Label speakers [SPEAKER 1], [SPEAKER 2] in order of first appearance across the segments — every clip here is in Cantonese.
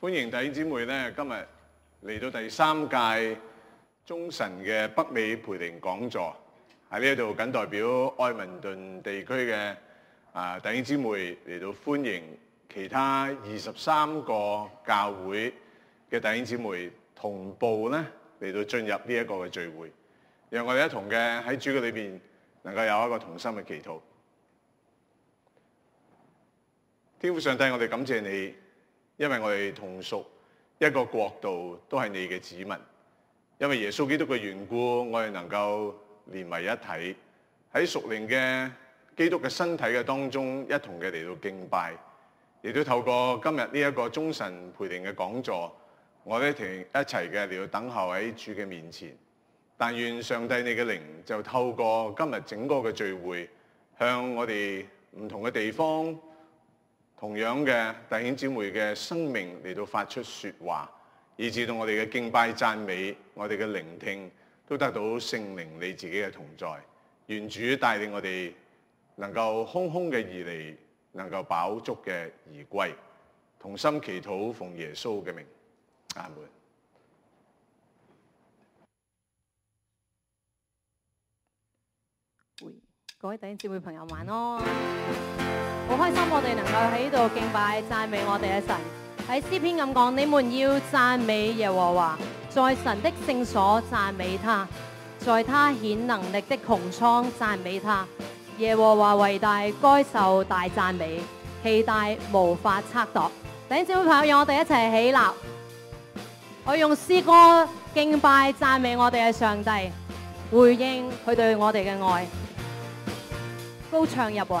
[SPEAKER 1] 歡迎弟兄姐妹咧，今日嚟到第三屆中神嘅北美培靈講座，喺呢一度僅代表愛民頓地區嘅啊弟兄姐妹嚟到歡迎其他二十三個教會嘅弟兄姐妹同步咧嚟到進入呢一個嘅聚會，讓我哋一同嘅喺主嘅裏邊能夠有一個同心嘅祈禱。天父上帝，我哋感謝你。因為我哋同屬一個國度，都係你嘅子民。因為耶穌基督嘅緣故，我哋能夠連為一體，喺熟練嘅基督嘅身體嘅當中一同嘅嚟到敬拜。亦都透過今日呢一個中神培靈嘅講座，我哋一團一齊嘅嚟到等候喺主嘅面前。但願上帝你嘅靈就透過今日整個嘅聚會，向我哋唔同嘅地方。同樣嘅弟兄姐妹嘅生命嚟到發出說話，以至到我哋嘅敬拜讚美，我哋嘅聆聽都得到聖靈你自己嘅同在。願主帶領我哋能夠空空嘅而嚟，能夠飽足嘅而歸。同心祈禱，奉耶穌嘅名，阿門。
[SPEAKER 2] 各位弟兄姐妹朋友玩咯。好開心我哋能夠喺度敬拜讚美我哋嘅神。喺詩篇咁講，你們要讚美耶和華，在神的聖所讚美他，在他顯能力的穹蒼讚美他。耶和華偉大，該受大讚美，其大無法測度。等小朋友，讓我哋一齊起，起立，我用詩歌敬拜讚美我哋嘅上帝，回應佢對我哋嘅愛，高唱入雲。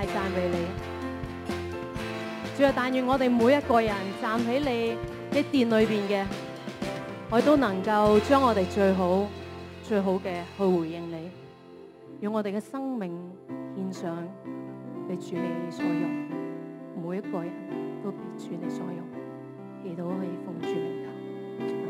[SPEAKER 2] 大讚俾你，最後但願我哋每一個人站喺你嘅殿裏邊嘅，我都能夠將我哋最好、最好嘅去回應你，用我哋嘅生命獻上，俾主你所用，每一個人都俾主你所用，祈禱可以奉主名求。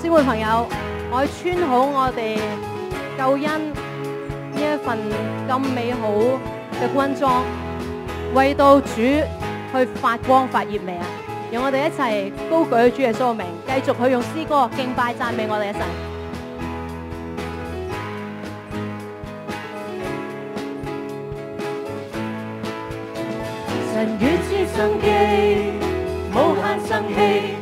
[SPEAKER 2] 各位朋友，我穿好我哋救恩呢一份咁美好嘅軍裝，為到主去發光發熱未啊？讓我哋一齊高舉主耶穌名，繼續去用詩歌敬拜讚美我哋嘅神。
[SPEAKER 3] 神與之相契，無限生氣。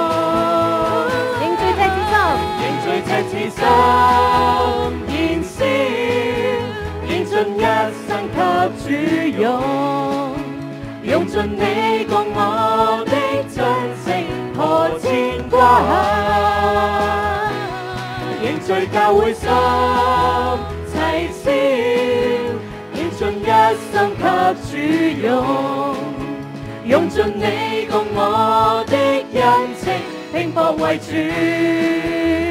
[SPEAKER 3] 心燃燒，獻盡一生給主用，用盡你共我的真情何牽掛。凝聚教會心齊燒，獻盡一生給主用，用盡你共我的恩情拼搏為主。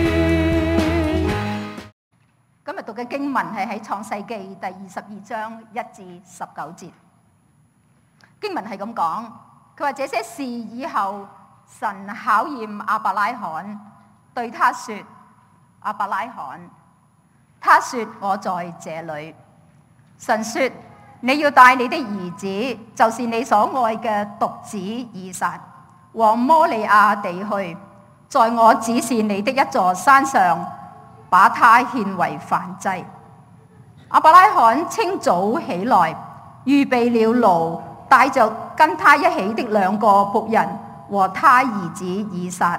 [SPEAKER 4] 讀嘅經文係喺創世記第二十二章一至十九節，經文係咁講，佢話這些事以後，神考驗亞伯拉罕，對他說：亞伯拉罕，他說我在這裏，神說你要帶你的兒子，就是你所愛嘅獨子以撒，往摩利亞地去，在我指示你的一座山上。把他獻為燔祭。亞伯拉罕清早起來，預備了驢，帶着跟他一起的兩個僕人和他兒子以撒，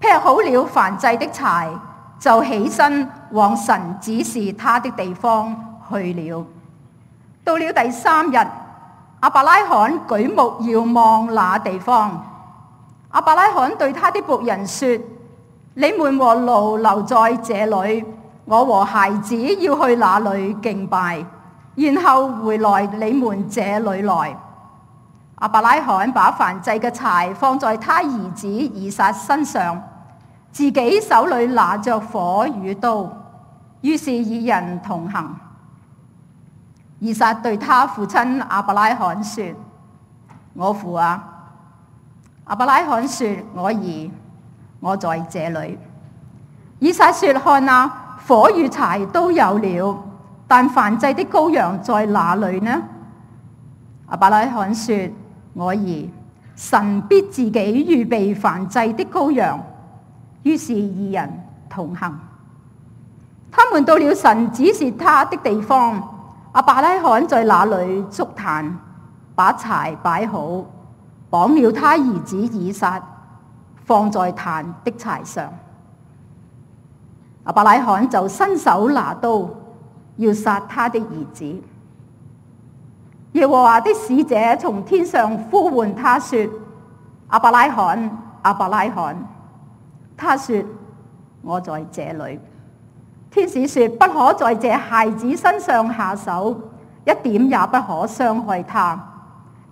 [SPEAKER 4] 劈好了燔祭的柴，就起身往神指示他的地方去了。到了第三日，亞伯拉罕舉目遙望那地方。亞伯拉罕對他的僕人說：你們和驢留在這裡，我和孩子要去那裏敬拜，然後回來你們這裏來。亞伯拉罕把燔祭嘅柴放在他兒子以撒身上，自己手裏拿着火與刀，於是二人同行。以撒對他父親亞伯拉罕說：我父啊！亞伯拉罕說：我兒。我在這裏。以撒說：看啊，火與柴都有了，但燔祭的羔羊在哪裏呢？亞伯拉罕說：我兒，神必自己預備燔祭的羔羊。於是二人同行。他們到了神指示他的地方，亞伯拉罕在那裏築壇，把柴擺好，綁了他兒子以撒。放在壇的柴上，亞伯拉罕就伸手拿刀要殺他的兒子。耶和華的使者從天上呼喚他說：亞伯拉罕，亞伯拉罕！他說：我在這裏。天使說：不可在這孩子身上下手，一點也不可傷害他。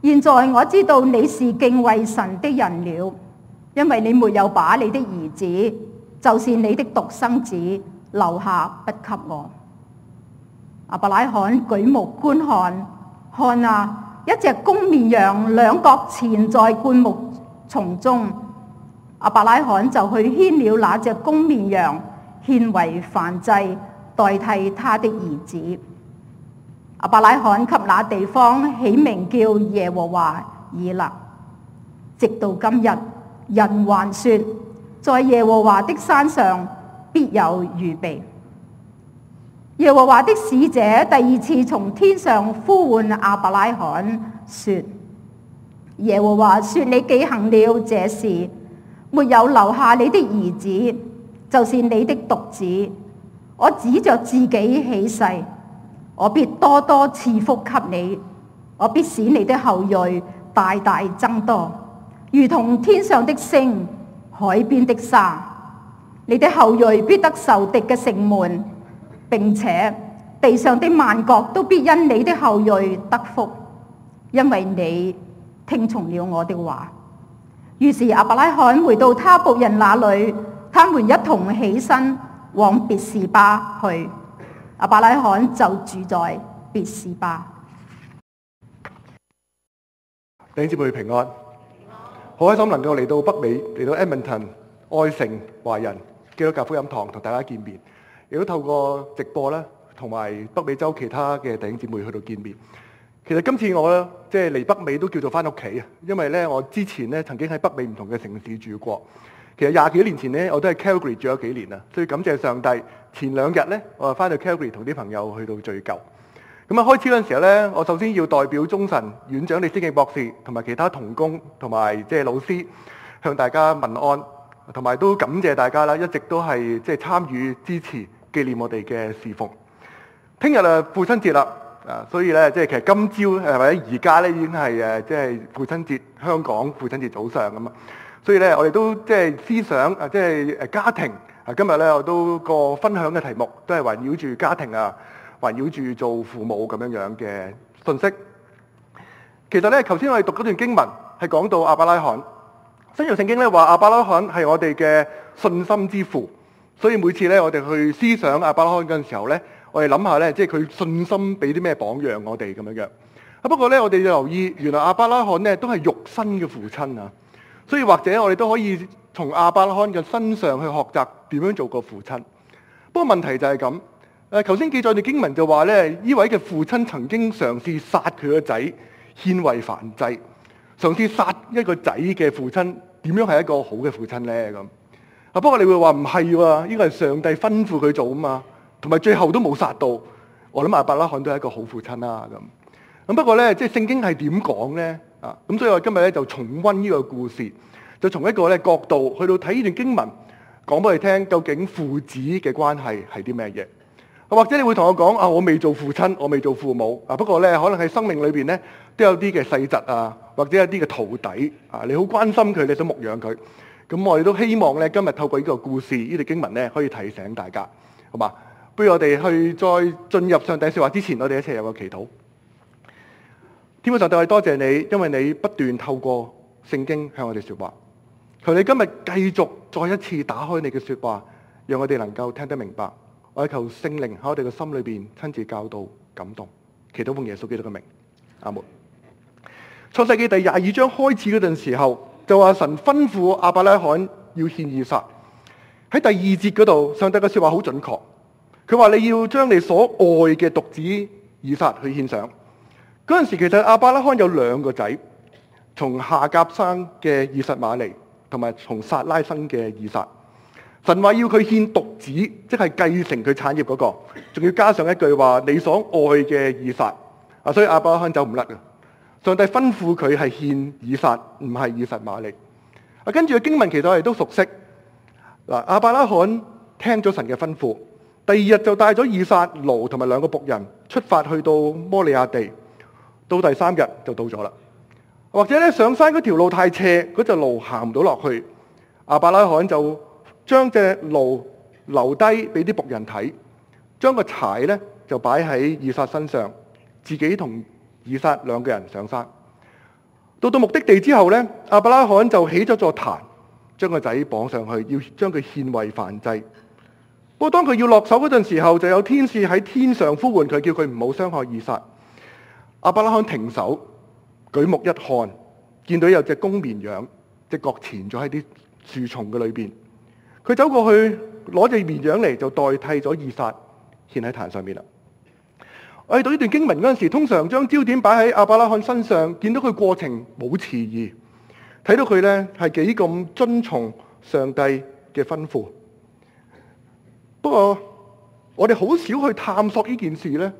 [SPEAKER 4] 現在我知道你是敬畏神的人了。因為你沒有把你的兒子，就是你的獨生子留下不給我。阿伯拉罕舉目觀看，看啊，一隻公綿羊兩角纏在灌木叢中，阿伯拉罕就去牽了那隻公綿羊獻制，獻為燔祭，代替他的兒子，阿伯拉罕給那地方起名叫耶和華以勒，直到今日。人還說，在耶和華的山上必有預備。耶和華的使者第二次從天上呼喚亞伯拉罕說：耶和華說你既行了這事，沒有留下你的兒子，就是你的獨子。我指着自己起誓，我必多多賜福給你，我必使你的後裔大大增多。如同天上的星、海邊的沙，你的後裔必得受敵嘅城門；並且地上的萬國都必因你的後裔得福，因為你聽從了我的話。於是亞伯拉罕回到他僕人那裏，他們一同起身往別是巴去。亞伯拉罕就住在別是巴。弟
[SPEAKER 5] 兄姐妹，平安。好開心能夠嚟到北美，嚟到 Edmonton 愛城華人基督教福音堂同大家見面，亦都透過直播咧，同埋北美洲其他嘅弟兄姊妹去到見面。其實今次我咧即係嚟北美都叫做翻屋企啊，因為咧我之前咧曾經喺北美唔同嘅城市住過。其實廿幾年前咧我都喺 Calgary 住咗幾年啊，所以感謝上帝。前兩日咧我係翻到 Calgary 同啲朋友去到聚舊。咁啊，開始嗰陣時候咧，我首先要代表中神院長李思敬博士同埋其他同工同埋即係老師，向大家問安，同埋都感謝大家啦，一直都係即係參與支持紀念我哋嘅侍奉。聽日啊，父親節啦，啊，所以咧即係其實今朝係或者而家咧已經係誒即係父親節，香港父親節早上咁啊，所以咧我哋都即係思想啊，即係誒家庭啊，今日咧我都個分享嘅題目都係圍繞住家庭啊。環繞住做父母咁樣樣嘅信息，其實呢，頭先我哋讀嗰段經文係講到亞伯拉罕。新約聖經呢，話亞伯拉罕係我哋嘅信心之父，所以每次呢，我哋去思想亞伯拉罕嗰時候呢，我哋諗下呢，即係佢信心俾啲咩榜樣我哋咁樣嘅。不過呢，我哋要留意，原來亞伯拉罕呢都係肉身嘅父親啊，所以或者我哋都可以從亞伯拉罕嘅身上去學習點樣做個父親。不過問題就係咁。誒，頭先記載嘅經文就話呢，呢位嘅父親曾經嘗試殺佢個仔，獻為燔祭，嘗試殺一個仔嘅父親，點樣係一個好嘅父親呢？咁啊，不過你會話唔係喎，呢個係上帝吩咐佢做啊嘛，同埋最後都冇殺到，我諗亞伯拉罕都係一個好父親啦。不過聖呢，即聖經係點講呢？咁所以我今日呢就重溫呢個故事，就從一個呢角度去到睇呢段經文，講俾你聽，究竟父子嘅關係係啲咩嘢？或者你會同我講啊，我未做父親，我未做父母。啊，不過呢，可能喺生命裏邊呢，都有啲嘅細侄啊，或者一啲嘅徒弟啊，你好關心佢，你想牧養佢。咁我哋都希望呢，今日透過呢個故事，呢個經文呢，可以提醒大家，好嘛？不如我哋去再進入上帝說話之前，我哋一齊有個祈禱。天父上帝，多謝你，因為你不斷透過聖經向我哋說話。求你今日繼續再一次打開你嘅說話，讓我哋能夠聽得明白。我求聖靈喺我哋嘅心裏邊親自教導感動，祈禱奉耶穌基督嘅名，阿門。創世紀第廿二章開始嗰陣時候，就話神吩咐亞伯拉罕要獻以撒。喺第二節嗰度，上帝嘅說話好準確，佢話，你要將你所愛嘅獨子以撒去獻上。嗰陣時其實亞伯拉罕有兩個仔，從夏甲生嘅以實瑪利，同埋從撒拉生嘅以撒。神話要佢獻獨子，即係繼承佢產業嗰個，仲要加上一句話：你所愛嘅以撒。啊，所以亞伯拉罕走唔甩啊！上帝吩咐佢係獻以撒，唔係以實瑪利。啊，跟住經文其實我哋都熟悉。嗱，亞伯拉罕聽咗神嘅吩咐，第二日就帶咗以撒、驢、同埋兩個僕人出發去到摩利亞地，到第三日就到咗啦。或者咧，上山嗰條路太斜，嗰條路行唔到落去，亞伯拉罕就。將隻驢留低俾啲僕人睇，將個柴咧就擺喺以撒身上，自己同以撒兩個人上山。到到目的地之後咧，亞伯拉罕就起咗座壇，將個仔綁上去，要將佢獻為燔祭。不過當佢要落手嗰陣時候，就有天使喺天上呼喚佢，叫佢唔好傷害以撒。亞伯拉罕停手，舉目一看，見到有隻公綿羊隻角纏咗喺啲樹叢嘅裏面。佢走過去攞隻綿羊嚟，就代替咗以撒，獻喺壇上面啦。我哋睇到呢段經文嗰陣時，通常將焦點擺喺亞伯拉罕身上，見到佢過程冇遲疑，睇到佢咧係幾咁遵從上帝嘅吩咐。不過我哋好少去探索呢件事咧，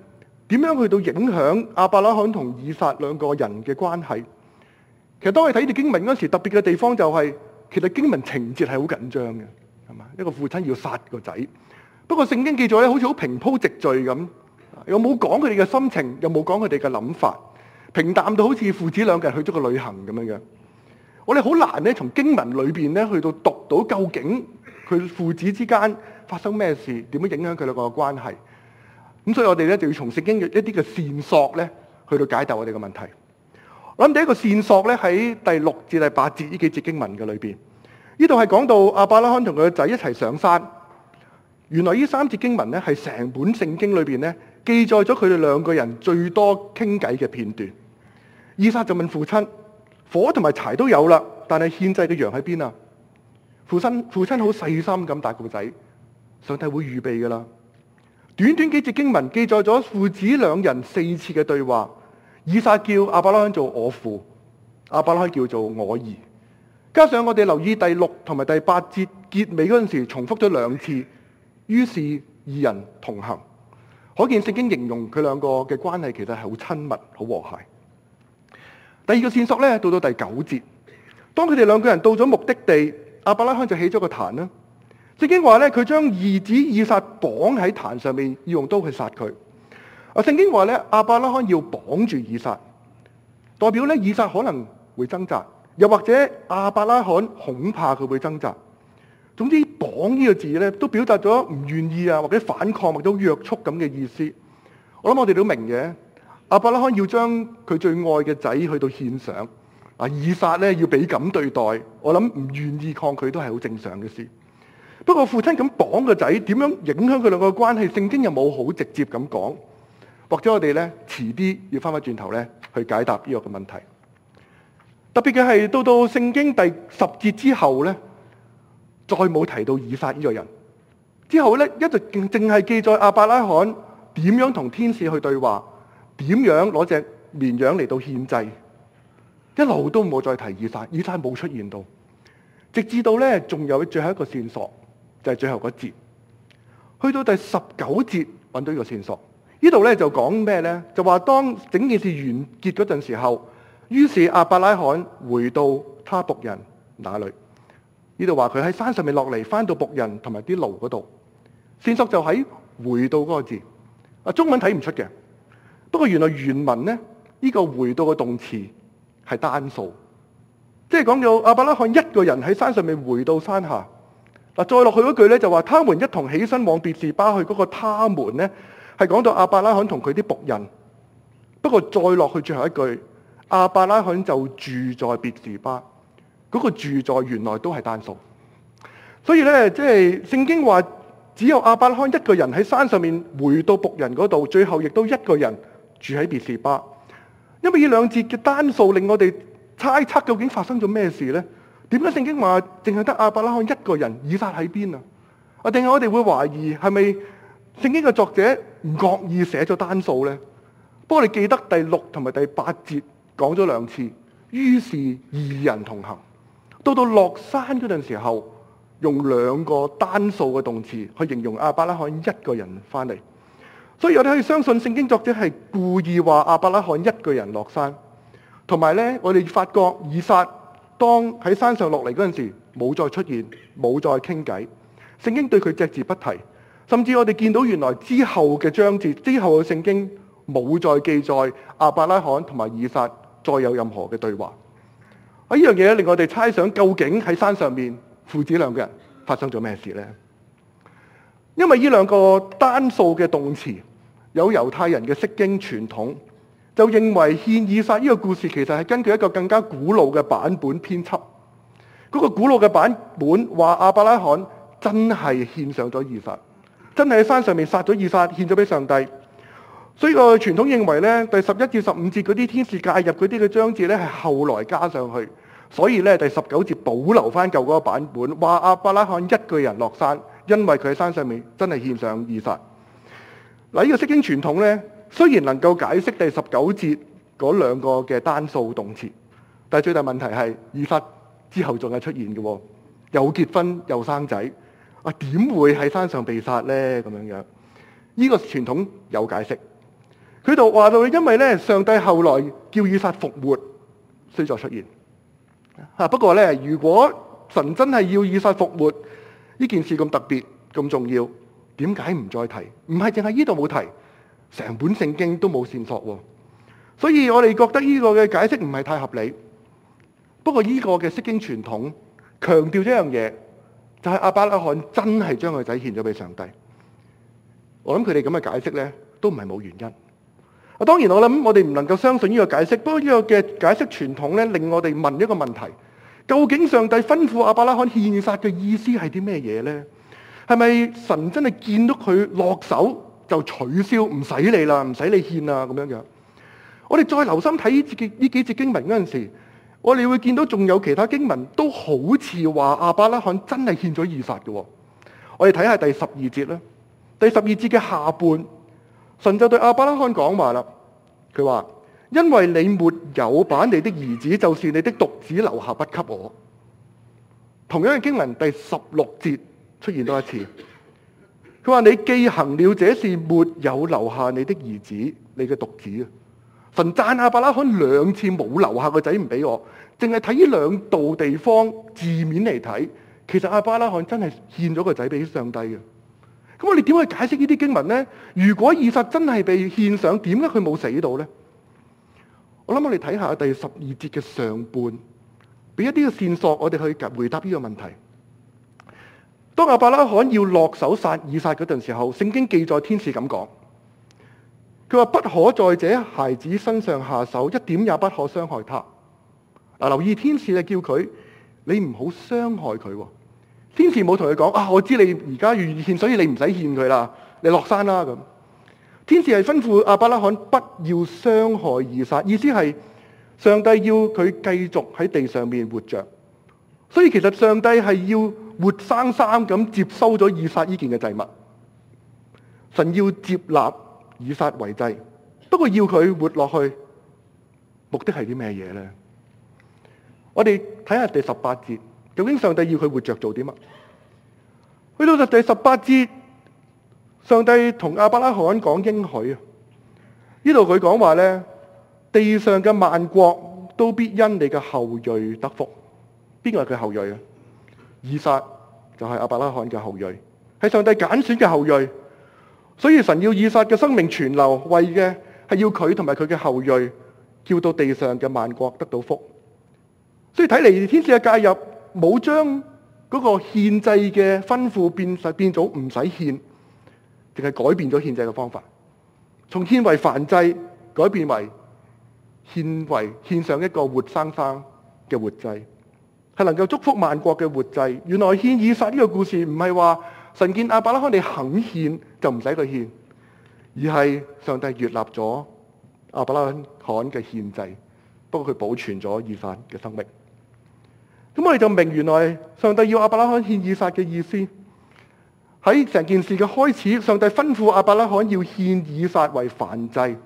[SPEAKER 5] 點樣去到影響亞伯拉罕同以撒兩個人嘅關係？其實當我睇呢段經文嗰陣時，特別嘅地方就係，其實經文情節係好緊張嘅。係嘛？一個父親要殺個仔，不過聖經記載咧，好似好平鋪直敘咁，又冇講佢哋嘅心情，又冇講佢哋嘅諗法，平淡到好似父子兩人去咗個旅行咁樣嘅。我哋好難咧，從經文裏邊咧去到讀到究竟佢父子之間發生咩事，點樣影響佢兩個嘅關係？咁所以我哋咧就要從聖經嘅一啲嘅線索咧，去到解答我哋嘅問題。我諗第一個線索咧，喺第六至第八節呢幾節經文嘅裏邊。呢度係講到亞伯拉罕同佢個仔一齊上山。原來呢三節經文咧，係成本聖經裏邊咧，記載咗佢哋兩個人最多傾偈嘅片段。以撒就問父親：火同埋柴都有啦，但係獻祭嘅羊喺邊啊？父親父親好細心咁答佢個仔：上帝會預備噶啦。短短幾節經文記載咗父子兩人四次嘅對話。以撒叫亞伯拉罕做我父，亞伯拉罕叫做我兒。加上我哋留意第六同埋第八節結尾嗰陣時重複咗兩次，於是二人同行，可見聖經形容佢兩個嘅關係其實係好親密、好和諧。第二個線索咧，到到第九節，當佢哋兩個人到咗目的地，亞伯拉罕就起咗個壇啦。聖經話咧，佢將兒子以撒綁喺壇上面，要用刀去殺佢。啊，聖經話咧，亞伯拉罕要綁住以撒，代表咧以撒可能會掙扎。又或者亞伯拉罕恐怕佢會掙扎，總之綁呢個字咧都表達咗唔願意啊，或者反抗或者約束咁嘅意思。我諗我哋都明嘅，亞伯拉罕要將佢最愛嘅仔去到獻上，啊以撒咧要俾咁對待，我諗唔願意抗拒都係好正常嘅事。不過父親咁綁個仔，點樣影響佢兩個關係。聖經又冇好直接咁講，或者我哋咧遲啲要翻返轉頭咧去解答呢個嘅問題。特別嘅係到到聖經第十節之後咧，再冇提到以撒呢個人。之後咧，一直淨係記載亞伯拉罕點樣同天使去對話，點樣攞隻綿羊嚟到獻祭，一路都冇再提以撒。以撒冇出現到，直至到咧，仲有最後一個線索就係最後嗰節，去到第十九節揾到呢個線索。呢度咧就講咩咧？就話當整件事完結嗰陣時候。於是亞伯拉罕回到他僕人那裏，呢度話佢喺山上面落嚟，返到僕人同埋啲驢嗰度。線索就喺回到嗰個字，啊中文睇唔出嘅。不過原來原文呢，呢、這個回到嘅動詞係單數，即係講到亞伯拉罕一個人喺山上面回到山下。嗱再落去嗰句呢，就話，他們一同起身往別是巴去嗰、那個他們呢，係講到亞伯拉罕同佢啲僕人。不過再落去最後一句。亞伯拉罕就住在別是巴，嗰、那個住在原來都係單數，所以咧即係聖經話只有亞伯拉罕一個人喺山上面回到僕人嗰度，最後亦都一個人住喺別是巴。因為呢兩節嘅單數令我哋猜測究竟發生咗咩事咧？點解聖經話淨係得亞伯拉罕一個人，以撒喺邊啊？啊定係我哋會懷疑係咪聖經嘅作者惡意寫咗單數咧？不過你記得第六同埋第八節。講咗兩次，於是二人同行。到到落山嗰陣時候，用兩個單數嘅動詞去形容亞伯拉罕一個人翻嚟。所以我哋可以相信聖經作者係故意話亞伯拉罕一個人落山。同埋呢，我哋發覺以撒當喺山上落嚟嗰陣時，冇再出現，冇再傾偈。聖經對佢隻字不提。甚至我哋見到原來之後嘅章節，之後嘅聖經冇再記載亞伯拉罕同埋以撒再有任何嘅對話，啊！呢樣嘢令我哋猜想，究竟喺山上面父子兩個人發生咗咩事呢？因為呢兩個單數嘅動詞，有猶太人嘅釋經傳統，就認為獻以撒呢個故事其實係根據一個更加古老嘅版本編輯。嗰、那個古老嘅版本話亞伯拉罕真係獻上咗以撒，真係喺山上面殺咗以撒獻咗俾上帝。所以個傳統認為咧，第十一至十五節嗰啲天使介入嗰啲嘅章節咧，係後來加上去。所以咧，第十九節保留翻舊嗰個版本，話亞伯拉罕一個人落山，因為佢喺山上面真係獻上以撒。嗱，呢個釋經傳統咧，雖然能夠解釋第十九節嗰兩個嘅單數動詞，但係最大問題係以撒之後仲有出現嘅，又結婚又生仔，啊，點會喺山上被殺咧？咁樣樣，呢個傳統有解釋。佢度話到，因為咧，上帝後來叫以撒復活，先再出現。啊，不過咧，如果神真係要以撒復活，呢件事咁特別、咁重要，點解唔再提？唔係淨係呢度冇提，成本聖經都冇線索。所以我哋覺得呢個嘅解釋唔係太合理。不過呢個嘅釋經傳統強調一樣嘢，就係亞伯拉罕真係將個仔獻咗俾上帝。我諗佢哋咁嘅解釋咧，都唔係冇原因。當然我諗，我哋唔能夠相信呢個解釋。不過呢個嘅解釋傳統咧，令我哋問一個問題：究竟上帝吩咐亞伯拉罕獻以撒嘅意思係啲咩嘢咧？係咪神真係見到佢落手就取消唔使你啦，唔使你獻啦咁樣樣？我哋再留心睇呢呢幾節經文嗰陣時，我哋會見到仲有其他經文都好似話亞伯拉罕真係獻咗以撒嘅。我哋睇下第十二節啦，第十二節嘅下半。神就對亞伯拉罕講話啦，佢話：因為你沒有把你的兒子，就是你的獨子留下不給我。同樣嘅經文第十六節出現多一次，佢話你既行了這事，沒有留下你的兒子，你嘅獨子啊！神讚亞伯拉罕兩次冇留下個仔唔俾我，淨係睇呢兩度地方字面嚟睇，其實亞伯拉罕真係獻咗個仔俾上帝嘅。咁我哋點去解釋呢啲經文呢？如果以撒真係被獻上，點解佢冇死到呢？我諗我哋睇下第十二節嘅上半，俾一啲嘅線索，我哋去回答呢個問題。當亞伯拉罕要落手殺以撒嗰陣時候，聖經記載天使咁講，佢話不可在這孩子身上下手，一點也不可傷害他。留意天使就叫佢，你唔好傷害佢。天使冇同佢講啊，我知你而家願獻，所以你唔使獻佢啦，你落山啦咁。天使係吩咐亞伯拉罕不要傷害以撒，意思係上帝要佢繼續喺地上面活着。所以其實上帝係要活生生咁接收咗以撒呢件嘅祭物。神要接納以撒為祭，不過要佢活落去，目的係啲咩嘢呢？我哋睇下第十八節。究竟上帝要佢活着做啲乜？去到第十八節，上帝同亞伯拉罕講應許啊！呢度佢講話咧，地上嘅萬國都必因你嘅後裔得福。邊個係佢後裔啊？以撒就係、是、亞伯拉罕嘅後裔，係上帝揀選嘅後裔。所以神要以撒嘅生命存留，為嘅係要佢同埋佢嘅後裔叫到地上嘅萬國得到福。所以睇嚟天使嘅介入。冇將嗰個獻祭嘅吩咐變實，變咗唔使獻，淨係改變咗獻祭嘅方法，從獻為燔祭改變為獻為獻上一個活生生嘅活祭，係能夠祝福萬國嘅活祭。原來獻以撒呢個故事唔係話神見亞伯拉罕你肯獻就唔使佢獻，而係上帝悅納咗亞伯拉罕嘅獻祭，不過佢保存咗以撒嘅生命。咁我哋就明，原來上帝要亞伯拉罕獻以撒嘅意思，喺成件事嘅開始，上帝吩咐亞伯拉罕要獻以撒為燔祭。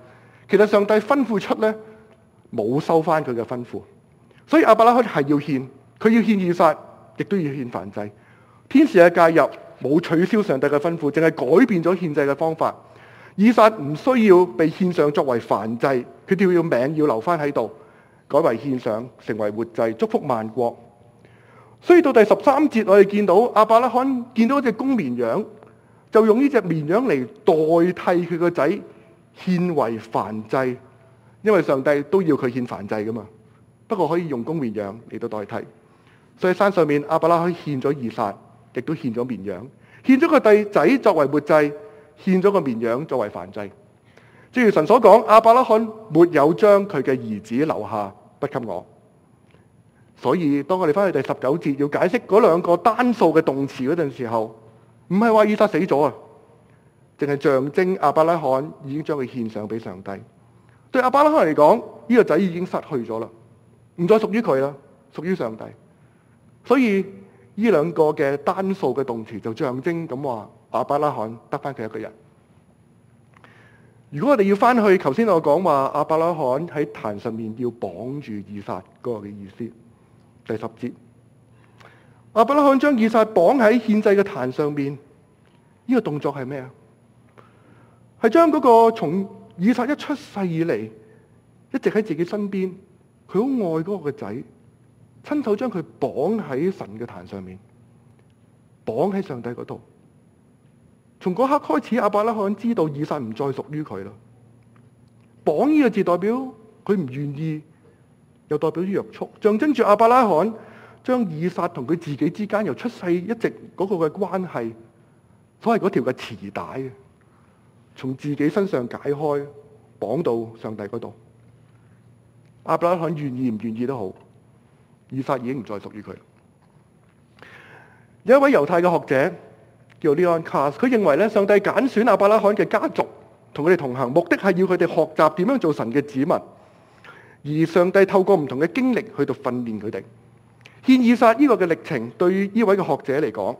[SPEAKER 5] 其實上帝吩咐出咧，冇收翻佢嘅吩咐，所以亞伯拉罕係要獻，佢要獻以撒，亦都要獻燔祭。天使嘅介入冇取消上帝嘅吩咐，淨係改變咗獻祭嘅方法。以撒唔需要被獻上作為燔祭，佢條命要留翻喺度，改為獻上，成為活祭，祝福萬國。所以到第十三節，我哋見到亞伯拉罕見到一隻公綿羊，就用呢隻綿羊嚟代替佢個仔獻為燔祭，因為上帝都要佢獻燔祭噶嘛。不過可以用公綿羊嚟到代替。所以山上面亞伯拉罕獻咗以撒，亦都獻咗綿羊，獻咗個弟仔作為活祭，獻咗個綿羊作為燔祭。正如神所講，亞伯拉罕沒有將佢嘅兒子留下不給我。所以，當我哋翻去第十九節要解釋嗰兩個單數嘅動詞嗰陣時候，唔係話以撒死咗啊，淨係象徵亞伯拉罕已經將佢獻上俾上帝。對亞伯拉罕嚟講，呢個仔已經失去咗啦，唔再屬於佢啦，屬於上帝。所以呢兩個嘅單數嘅動詞就象徵咁話，亞伯拉罕得翻佢一個人。如果我哋要翻去頭先我講話，亞伯拉罕喺壇上面要綁住以撒嗰個嘅意思。第十節，亞伯拉罕將以撒綁喺獻祭嘅壇上面，呢個動作係咩啊？係將嗰個從以撒一出世以嚟，一直喺自己身邊，佢好愛嗰個仔，親手將佢綁喺神嘅壇上面，綁喺上帝嗰度。從嗰刻開始，亞伯拉罕知道以撒唔再屬於佢咯。綁呢個字代表佢唔願意。又代表住約束，象徵住亞伯拉罕將以撒同佢自己之間由出世一直嗰個嘅關係，所謂嗰條嘅臍帶，從自己身上解開，綁到上帝嗰度。亞伯拉罕願意唔願意都好，以撒已經唔再屬於佢。有一位猶太嘅學者叫 Leon Kass，佢認為咧，上帝揀選亞伯拉罕嘅家族同佢哋同行，目的係要佢哋學習點樣做神嘅子民。而上帝透過唔同嘅經歷去到訓練佢哋。獻以撒呢個嘅歷程，對於呢位嘅學者嚟講，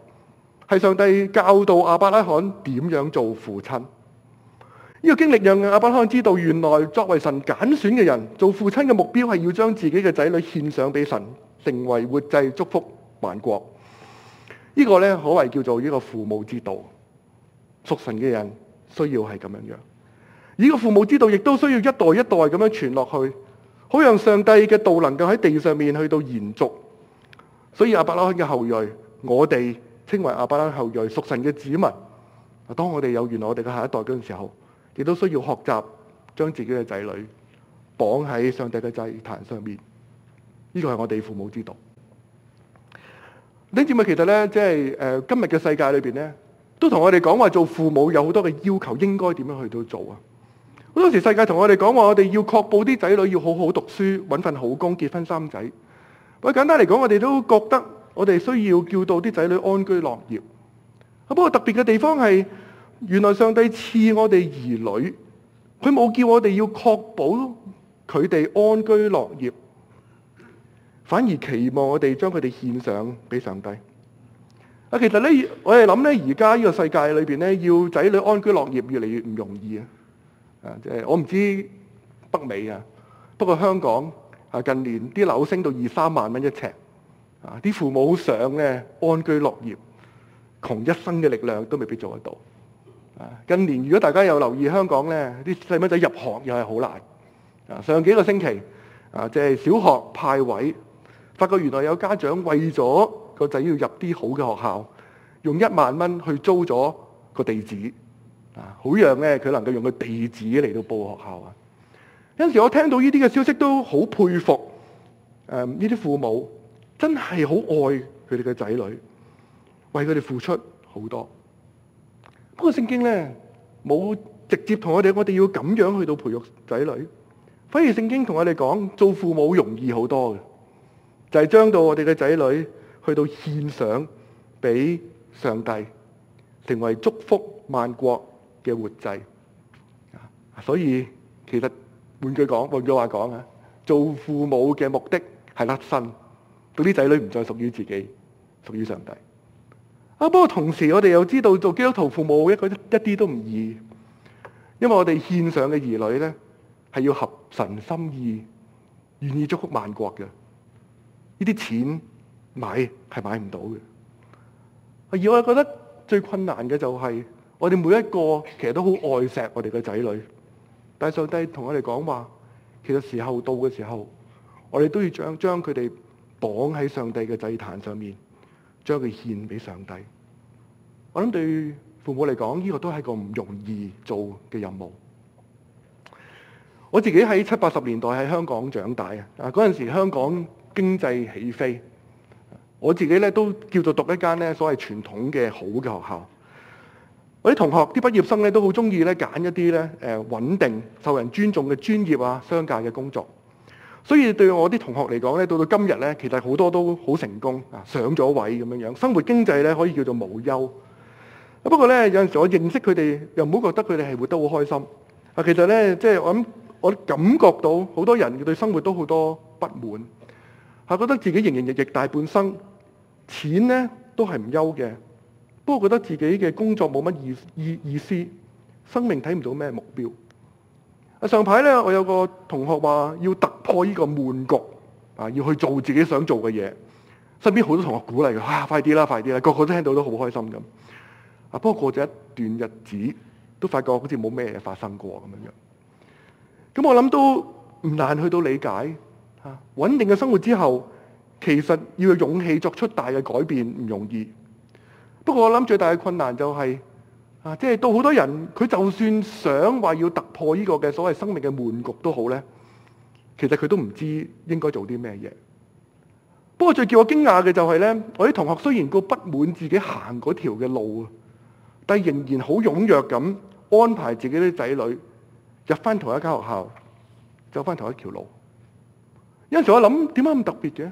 [SPEAKER 5] 係上帝教導亞伯拉罕點樣做父親。呢個經歷讓亞伯拉罕知道，原來作為神揀選嘅人，做父親嘅目標係要將自己嘅仔女獻上俾神，成為活祭，祝福萬國。呢個呢，可謂叫做呢個父母之道。屬神嘅人需要係咁樣樣。而個父母之道亦都需要一代一代咁樣傳落去。好讓上帝嘅道能夠喺地上面去到延續，所以亞伯拉罕嘅後裔，我哋稱為亞伯拉罕後裔，屬神嘅子民。當我哋有完我哋嘅下一代嗰時候，亦都需要學習將自己嘅仔女綁喺上帝嘅祭壇上面。呢、呢個係我哋父母之道。呢啲咪其實呢，即係、呃、今日嘅世界裏邊呢都同我哋講話做父母有好多嘅要求，應該點樣去到做啊？好多時世界同我哋講話，我哋要確保啲仔女要好好讀書，搵份好工，結婚生仔。我簡單嚟講，我哋都覺得我哋需要叫到啲仔女安居樂業。不過特別嘅地方係，原來上帝賜我哋兒女，佢冇叫我哋要確保佢哋安居樂業，反而期望我哋將佢哋獻上俾上帝。啊，其實呢，我哋諗呢，而家呢個世界裏邊呢，要仔女安居樂業越嚟越唔容易啊！啊！即係我唔知北美啊，不過香港啊近年啲樓升到二三萬蚊一尺，啊啲父母想咧安居樂業，窮一生嘅力量都未必做得到。啊近年如果大家有留意香港咧，啲細蚊仔入學又係好難。啊上幾個星期啊，即係小學派位，發覺原來有家長為咗個仔要入啲好嘅學校，用一萬蚊去租咗個地址。啊，好讓咧佢能夠用個地址嚟到報學校啊！有陣時我聽到呢啲嘅消息都好佩服，誒呢啲父母真係好愛佢哋嘅仔女，為佢哋付出好多。不過聖經咧冇直接同我哋，我哋要咁樣去到培育仔女，反而聖經同我哋講，做父母容易好多嘅，就係、是、將到我哋嘅仔女去到獻上俾上帝，成為祝福萬國嘅活祭，所以其實換句講，換句話講啊，做父母嘅目的係甩身，到啲仔女唔再屬於自己，屬於上帝。啊，不過同時我哋又知道做基督徒父母一個一啲都唔易，因為我哋獻上嘅兒女呢係要合神心意，願意祝福萬國嘅。呢啲錢買係買唔到嘅，而我覺得最困難嘅就係、是。我哋每一個其實都好愛錫我哋嘅仔女，但係上帝同我哋講話，其實時候到嘅時候，我哋都要將將佢哋綁喺上帝嘅祭壇上面，將佢獻俾上帝。我諗對父母嚟講，呢個都係個唔容易做嘅任務。我自己喺七八十年代喺香港長大啊，嗰陣時香港經濟起飛，我自己咧都叫做讀一間咧所謂傳統嘅好嘅學校。我啲同學啲畢業生咧，都好中意咧揀一啲咧誒穩定、受人尊重嘅專業啊、商界嘅工作。所以對我啲同學嚟講咧，到到今日咧，其實好多都好成功啊，上咗位咁樣樣，生活經濟咧可以叫做無憂。不過咧，有陣時我認識佢哋，又唔好覺得佢哋係活得好開心。啊，其實咧即係我諗我感覺到好多人對生活都好多不滿，係覺得自己營營役役大半生，錢咧都係唔憂嘅。不過覺得自己嘅工作冇乜意意意思，生命睇唔到咩目標。啊，上排咧，我有個同學話要突破呢個悶局，啊，要去做自己想做嘅嘢。身邊好多同學鼓勵佢，啊，快啲啦，快啲啦，個個都聽到都好開心咁。啊，不過過咗一段日子，都發覺好似冇咩嘢發生過咁樣。咁我諗都唔難去到理解，啊，穩定嘅生活之後，其實要有勇氣作出大嘅改變唔容易。不過我諗最大嘅困難就係、是、啊，即、就、係、是、到好多人佢就算想話要突破呢個嘅所謂生命嘅悶局都好咧，其實佢都唔知應該做啲咩嘢。不過最叫我驚訝嘅就係、是、咧，我啲同學雖然個不滿自己行嗰條嘅路，但係仍然好踴躍咁安排自己啲仔女入翻同一間學校，走翻同一條路。有時我諗點解咁特別嘅？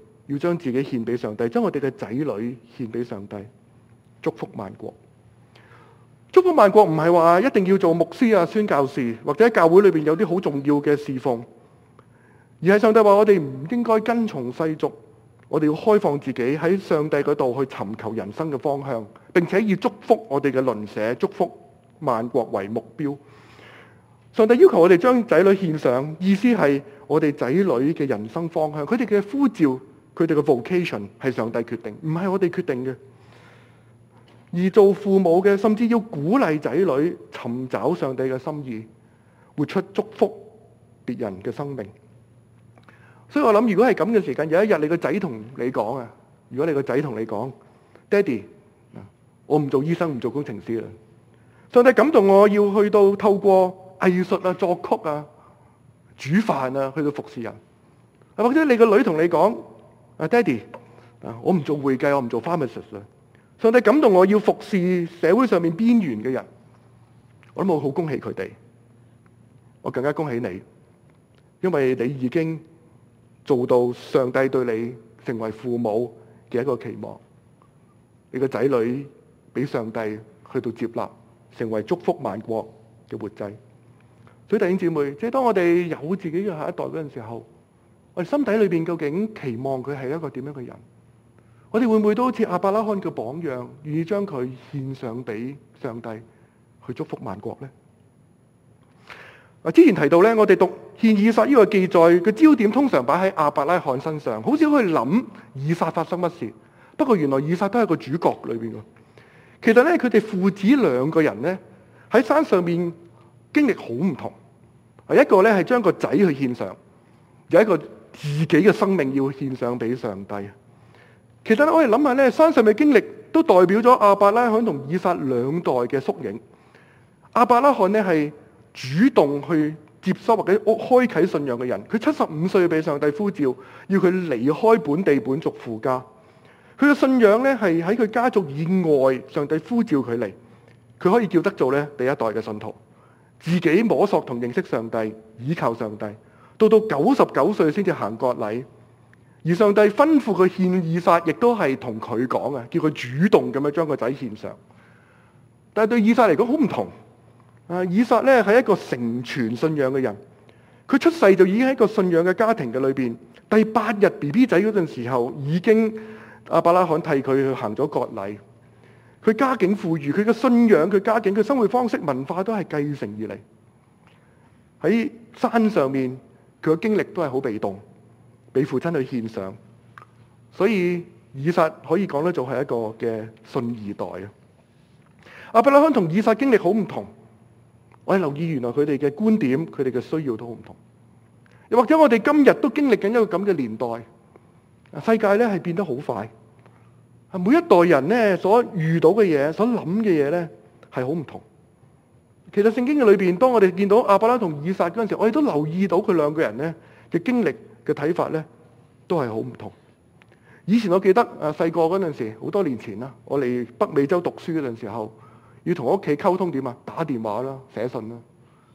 [SPEAKER 5] 要將自己獻俾上帝，將我哋嘅仔女獻俾上帝，祝福萬國。祝福萬國唔係話一定要做牧師啊、宣教士或者喺教會裏邊有啲好重要嘅侍奉，而係上帝話我哋唔應該跟從世俗，我哋要開放自己喺上帝嗰度去尋求人生嘅方向，並且以祝福我哋嘅鄰舍、祝福萬國為目標。上帝要求我哋將仔女獻上，意思係我哋仔女嘅人生方向，佢哋嘅呼召。佢哋嘅 vocation 係上帝決定，唔係我哋決定嘅。而做父母嘅，甚至要鼓勵仔女尋找上帝嘅心意，活出祝福別人嘅生命。所以我諗，如果係咁嘅時間，有一日你個仔同你講啊，如果你個仔同你講，爹哋，我唔做醫生，唔做工程師啦。上帝感動我要去到透過藝術啊、作曲啊、煮飯啊，去到服侍人。或者你個女同你講。啊，爹哋，啊，我唔做會計，我唔做 pharmacist 啦。上帝感動我要服侍社會上面邊緣嘅人，我都冇好恭喜佢哋。我更加恭喜你，因為你已經做到上帝對你成為父母嘅一個期望。你個仔女俾上帝去到接納，成為祝福萬國嘅活祭。所以弟兄姊妹，即係當我哋有自己嘅下一代嗰陣時候。我哋心底裏邊究竟期望佢係一個點樣嘅人？我哋會唔會都好似亞伯拉罕嘅榜樣，願意將佢獻上俾上帝去祝福萬國呢？之前提到咧，我哋讀獻以撒呢個記載嘅焦點，通常擺喺亞伯拉罕身上，好少去諗以撒發生乜事。不過原來以撒都係個主角裏邊嘅。其實咧，佢哋父子兩個人咧喺山上面經歷好唔同。一個咧係將個仔去獻上，有一個，自己嘅生命要獻上俾上帝。其實咧，我哋諗下咧，山上嘅經歷都代表咗亞伯拉罕同以撒兩代嘅縮影。亞伯拉罕咧係主動去接收或者開啟信仰嘅人,佢七十五歲俾上帝呼召，要佢離開本地本族父家。佢嘅信仰咧係喺佢家族以外，上帝呼召佢嚟，佢可以叫得做咧第一代嘅信徒，自己摸索同認識上帝，倚靠上帝。到到九十九歲先至行割禮，而上帝吩咐佢獻以撒，亦都係同佢講啊，叫佢主動咁樣將個仔獻上。但係對以撒嚟講好唔同啊！以撒咧係一個成全信仰嘅人，佢出世就已經喺一個信仰嘅家庭嘅裏邊。第八日 B B 仔嗰陣時候，已經亞伯拉罕替佢去行咗割禮。佢家境富裕，佢嘅信仰，佢家境，佢生活方式，文化都係繼承而嚟。喺山上面，佢嘅經歷都係好被動，俾父親去獻上，所以以撒可以講咧，就係一個嘅信二代啊。亞伯拉罕同以撒經歷好唔同，我哋留意原來佢哋嘅觀點、佢哋嘅需要都好唔同。又或者我哋今日都經歷緊一個咁嘅年代，世界咧係變得好快，係每一代人咧所遇到嘅嘢、所諗嘅嘢咧係好唔同。其實聖經嘅裏邊，當我哋見到亞伯拉同以撒嗰陣時，我哋都留意到佢兩個人咧嘅經歷嘅睇法咧，都係好唔同。以前我記得誒細個嗰陣時，好多年前啦，我嚟北美洲讀書嗰陣時候，要同屋企溝通點啊，打電話啦，寫信啦。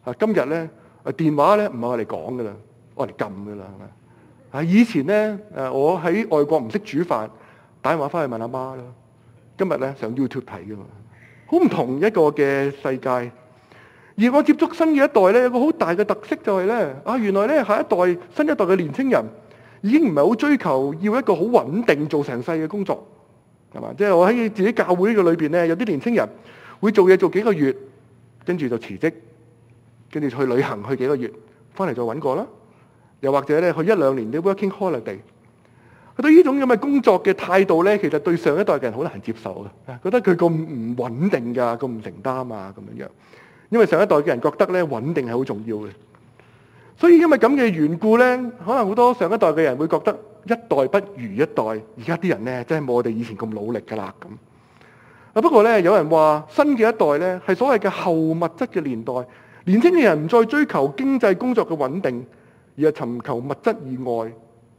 [SPEAKER 5] 啊，今日咧，電話咧唔係我哋講噶啦，我哋撳噶啦，係咪啊？以前咧誒，我喺外國唔識煮飯，打電話翻去問阿媽啦。今日咧上 YouTube 睇噶嘛，好唔同一個嘅世界。而我接觸新嘅一代咧，有個好大嘅特色就係咧，啊，原來咧下一代新一代嘅年青人已經唔係好追求要一個好穩定做成世嘅工作，係嘛？即係我喺自己教會呢個裏邊咧，有啲年青人會做嘢做幾個月，跟住就辭職，跟住去旅行去幾個月，翻嚟再揾過啦。又或者咧去一兩年啲 working holiday。佢對呢種咁嘅工作嘅態度咧，其實對上一代嘅人好難接受啊，覺得佢咁唔穩定㗎，咁唔承擔啊，咁樣樣。因為上一代嘅人覺得咧穩定係好重要嘅，所以因為咁嘅緣故咧，可能好多上一代嘅人會覺得一代不如一代。而家啲人咧真係冇我哋以前咁努力噶啦咁。啊不過咧，有人話新嘅一代咧係所謂嘅後物質嘅年代，年輕嘅人唔再追求經濟工作嘅穩定，而係尋求物質以外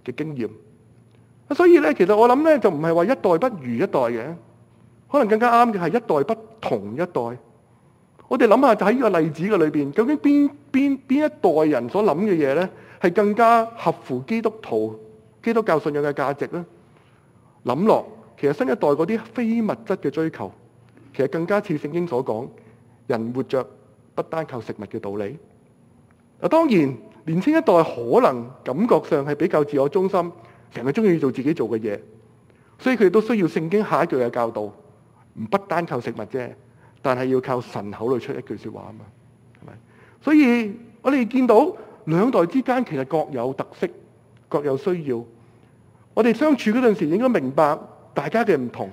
[SPEAKER 5] 嘅經驗。所以咧，其實我諗咧就唔係話一代不如一代嘅，可能更加啱嘅係一代不同一代。我哋諗下，就喺呢個例子嘅裏邊，究竟邊邊邊一代人所諗嘅嘢呢？係更加合乎基督徒基督教信仰嘅價值呢？諗落，其實新一代嗰啲非物質嘅追求，其實更加似聖經所講，人活着不單靠食物嘅道理。當然，年輕一代可能感覺上係比較自我中心，成日中意做自己做嘅嘢，所以佢哋都需要聖經下一句嘅教導，唔不單靠食物啫。但係要靠神口裏出一句說話啊嘛，係咪？所以我哋見到兩代之間其實各有特色，各有需要。我哋相處嗰陣時候應該明白大家嘅唔同。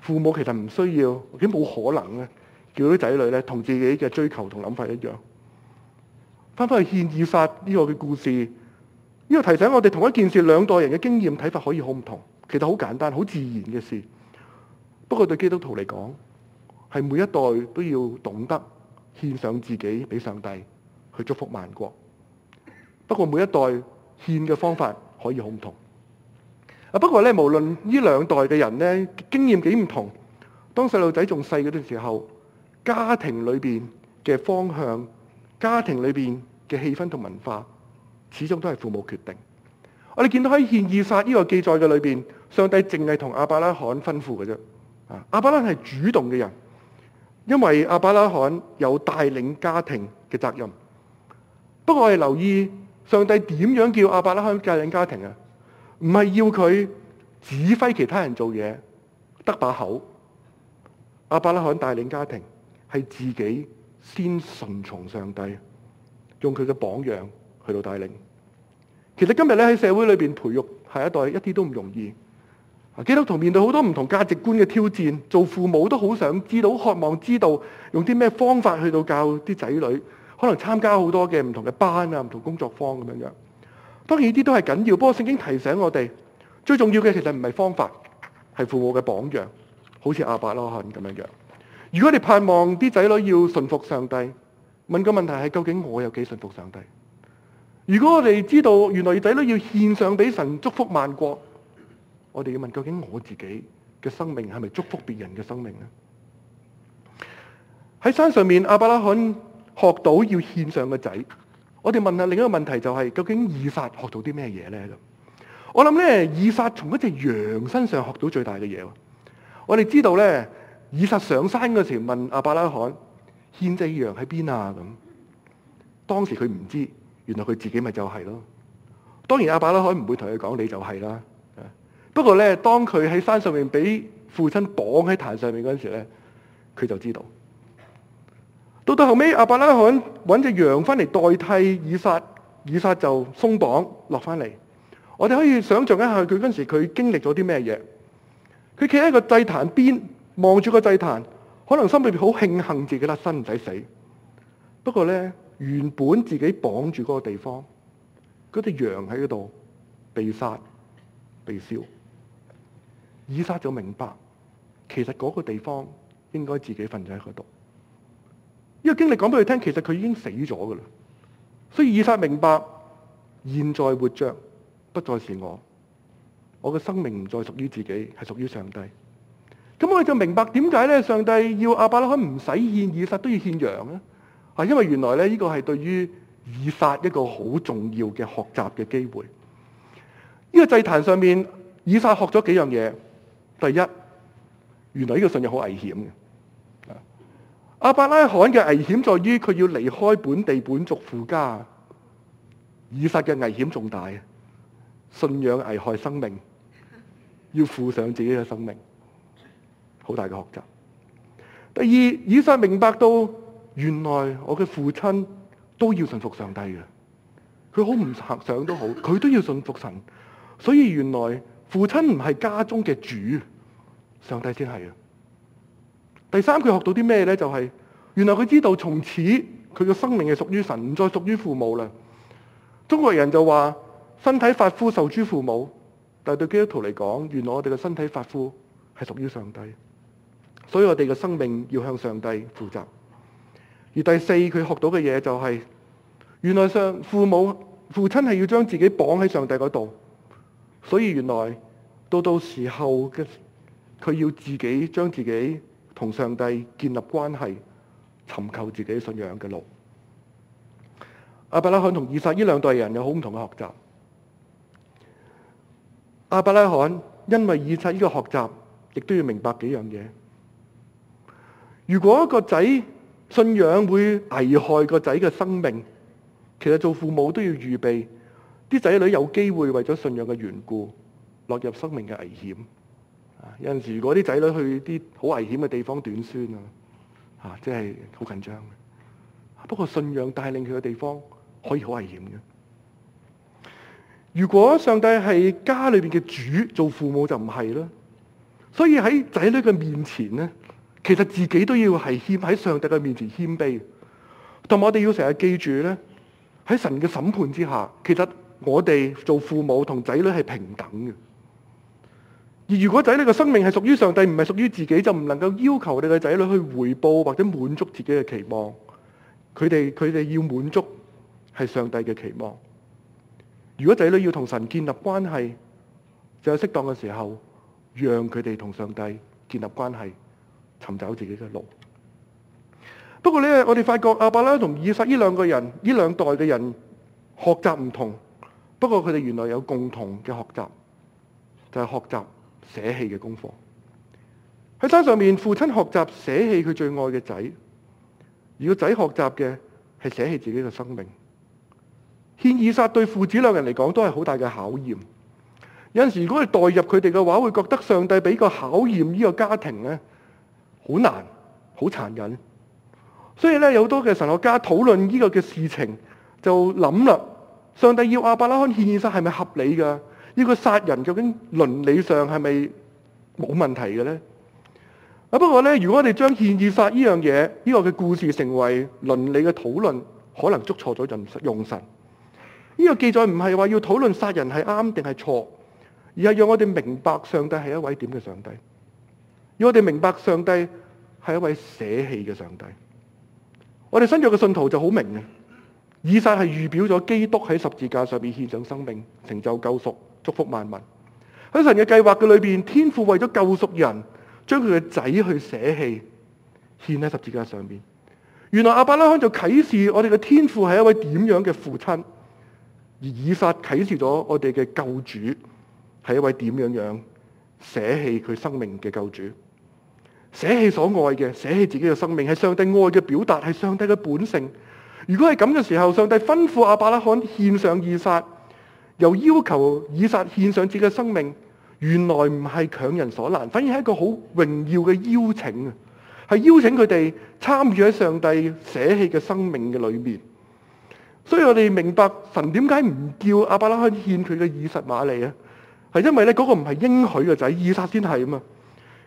[SPEAKER 5] 父母其實唔需要，已經冇可能叫啲仔女咧同自己嘅追求同諗法一樣。翻返去獻以撒呢個嘅故事，呢、這個提醒我哋同一件事：兩代人嘅經驗睇法可以好唔同。其實好簡單、好自然嘅事，不過對基督徒嚟講。係每一代都要懂得獻上自己俾上帝，去祝福萬國。不過每一代獻嘅方法可以好唔同。啊，不過咧，無論呢兩代嘅人咧，經驗幾唔同。當細路仔仲細嗰陣時候，家庭裏邊嘅方向、家庭裏邊嘅氣氛同文化，始終都係父母決定。我哋見到喺獻以撒呢個記載嘅裏邊，上帝淨係同亞伯拉罕吩咐嘅啫。啊，亞伯拉罕係主動嘅人。因為亞伯拉罕有帶領家庭嘅責任，不過我哋留意上帝點樣叫亞伯拉罕帶領家庭啊？唔係要佢指揮其他人做嘢，得把口。亞伯拉罕帶領家庭係自己先順從上帝，用佢嘅榜樣去到帶領。其實今日咧喺社會裏邊培育下一代，一啲都唔容易。基督徒面對好多唔同價值觀嘅挑戰，做父母都好想知道、渴望知道用啲咩方法去到教啲仔女，可能參加好多嘅唔同嘅班啊、唔同工作坊咁樣樣。當然呢啲都係緊要，不過聖經提醒我哋最重要嘅其實唔係方法，係父母嘅榜樣，好似亞伯拉罕咁樣樣。如果你盼望啲仔女要順服上帝，問個問題係究竟我有幾信服上帝？如果我哋知道原來仔女要獻上俾神祝福萬國。我哋要問究竟我自己嘅生命係咪祝福別人嘅生命呢？喺山上面，阿伯拉罕學到要獻上個仔。我哋問下另一個問題，就是，就係究竟以撒學到啲咩嘢呢？咁，我諗呢，以撒從一隻羊身上學到最大嘅嘢。我哋知道呢，以撒上山嘅時候問阿伯拉罕，獻祭羊喺邊啊咁。當時佢唔知道，原來佢自己咪就係咯。當然，阿伯拉罕唔會同佢講，你就係啦。不過咧，當佢喺山上面俾父親綁喺壇上面嗰陣時咧，佢就知道。到到後尾阿伯拉罕搵隻羊翻嚟代替以撒，以撒就鬆綁落翻嚟。我哋可以想像一下佢嗰陣時佢經歷咗啲咩嘢？佢企喺個祭壇邊望住個祭壇，可能心裏面好慶幸自己粒身唔使死。不過咧，原本自己綁住嗰個地方，嗰隻羊喺嗰度被殺被燒。以撒就明白，其實嗰個地方應該自己瞓咗喺嗰度。呢個經歷講俾佢聽，其實佢已經死咗噶啦。所以以撒明白，現在活着不再是我，我嘅生命唔再屬於自己，係屬於上帝。咁我哋就明白點解咧，上帝要亞伯拉罕唔使獻以撒都要獻羊咧？啊，因為原來咧，呢個係對於以撒一個好重要嘅學習嘅機會。呢個祭壇上面，以撒學咗幾樣嘢。第一，原來呢個信仰好危險嘅。阿伯拉罕嘅危險在於佢要離開本地本族父家，以撒嘅危險仲大，信仰危害生命，要付上自己嘅生命，好大嘅學習。第二，以撒明白到原來我嘅父親都要信服上帝嘅，佢好唔想都好，佢都要信服神，所以原來父親唔係家中嘅主。上帝先係啊！第三，佢學到啲咩呢？就係原來佢知道從此佢嘅生命係屬於神，唔再屬於父母啦。中國人就話身體髮膚受諸父母，但係對基督徒嚟講，原來我哋嘅身體髮膚係屬於上帝，所以我哋嘅生命要向上帝負責。而第四佢學到嘅嘢就係原來上父母父親係要將自己綁喺上帝嗰度，所以原來到到時候嘅。佢要自己將自己同上帝建立關係，尋求自己信仰嘅路。阿伯拉罕同以撒呢兩代人有好唔同嘅學習。阿伯拉罕因為以撒呢個學習，亦都要明白幾樣嘢。如果一個仔信仰會危害個仔嘅生命，其實做父母都要預備，啲仔女有機會為咗信仰嘅緣故，落入生命嘅危險。有陣時，如果啲仔女去啲好危險嘅地方短宣啊，吓，即係好緊張嘅。不過信仰帶領佢嘅地方，可以好危險嘅。如果上帝係家裏邊嘅主，做父母就唔係啦。所以喺仔女嘅面前咧，其實自己都要係謙喺上帝嘅面前謙卑，同埋我哋要成日記住咧，喺神嘅審判之下，其實我哋做父母同仔女係平等嘅。而如果仔女嘅生命係屬於上帝，唔係屬於自己，就唔能夠要求你嘅仔女去回報或者滿足自己嘅期望。佢哋，佢哋要滿足係上帝嘅期望。如果仔女要同神建立關係，就有適當嘅時候讓佢哋同上帝建立關係，尋找自己嘅路。不過呢，我哋發覺亞伯拉罕同以撒呢兩個人呢兩代嘅人學習唔同，不過佢哋原來有共同嘅學習，就係、是、學習。捨棄嘅功課。喺山上面，父親學習捨棄佢最愛嘅仔；而個仔學習嘅係捨棄自己嘅生命。獻義殺對父子兩人嚟講都係好大嘅考驗。有陣時候如果去代入佢哋嘅話，會覺得上帝俾個考驗呢個家庭咧，好難，好殘忍。所以咧，有好多嘅神學家討論呢個嘅事情，就諗啦，上帝要阿伯拉罕獻義殺係咪合理噶？呢個殺人究竟倫理上係咪冇問題嘅呢？啊，不過呢，如果我哋將獻以撒呢樣嘢呢個嘅故事成為倫理嘅討論，可能捉錯咗用神。呢個記載唔係話要討論殺人係啱定係錯，而係讓我哋明白上帝係一位點嘅上帝，讓我哋明白上帝係一位捨棄嘅上帝。我哋新約嘅信徒就好明嘅，以撒係預表咗基督喺十字架上面獻上生命，成就救贖。祝福萬民，喺神嘅計劃嘅裏邊，天父為咗救贖人，將佢嘅仔去捨棄，獻喺十字架上面。原來亞伯拉罕就啟示我哋嘅天父係一位點樣嘅父親，而以撒啟示咗我哋嘅救主係一位點樣樣捨棄佢生命嘅救主。捨棄所愛嘅，捨棄自己嘅生命，係上帝愛嘅表達，係上帝嘅本性。如果係咁嘅時候，上帝吩咐亞伯拉罕獻上以撒，又要求以撒獻上自己嘅生命，原來唔係強人所難，反而係一個好榮耀嘅邀請啊！係邀請佢哋參與喺上帝捨棄嘅生命嘅裏面。所以我哋明白神點解唔叫亞伯拉罕獻佢嘅以實瑪利啊？係因為咧嗰個唔係應許嘅仔，以撒先係啊嘛，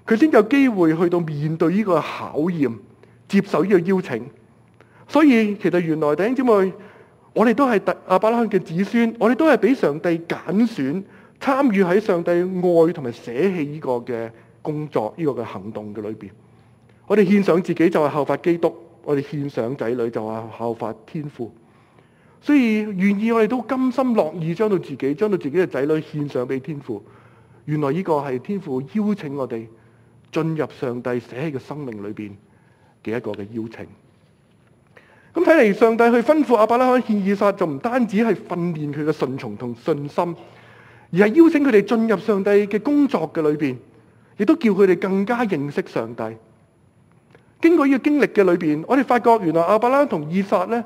[SPEAKER 5] 佢先有機會去到面對呢個考驗，接受呢個邀請。所以其實原來弟兄姊妹。我哋都係亞伯拉罕嘅子孫，我哋都係俾上帝揀選參與喺上帝愛同埋捨棄呢個嘅工作，呢、呢個嘅行動嘅裏邊。我哋獻上自己就係效法基督，我哋獻上仔女，就係效法天父。所以願意我哋都甘心樂意將到自己，將到自己嘅仔女獻上俾天父。原來呢個係天父邀請我哋進入上帝捨棄嘅生命裏邊嘅一個嘅邀請。咁睇嚟，上帝去吩咐阿伯拉罕獻以撒，就唔單止係訓練佢嘅順從同信心，而係邀請佢哋進入上帝嘅工作嘅裏邊，亦都叫佢哋更加認識上帝。經過呢個經歷嘅裏邊，我哋發覺原來阿伯拉罕同以撒咧，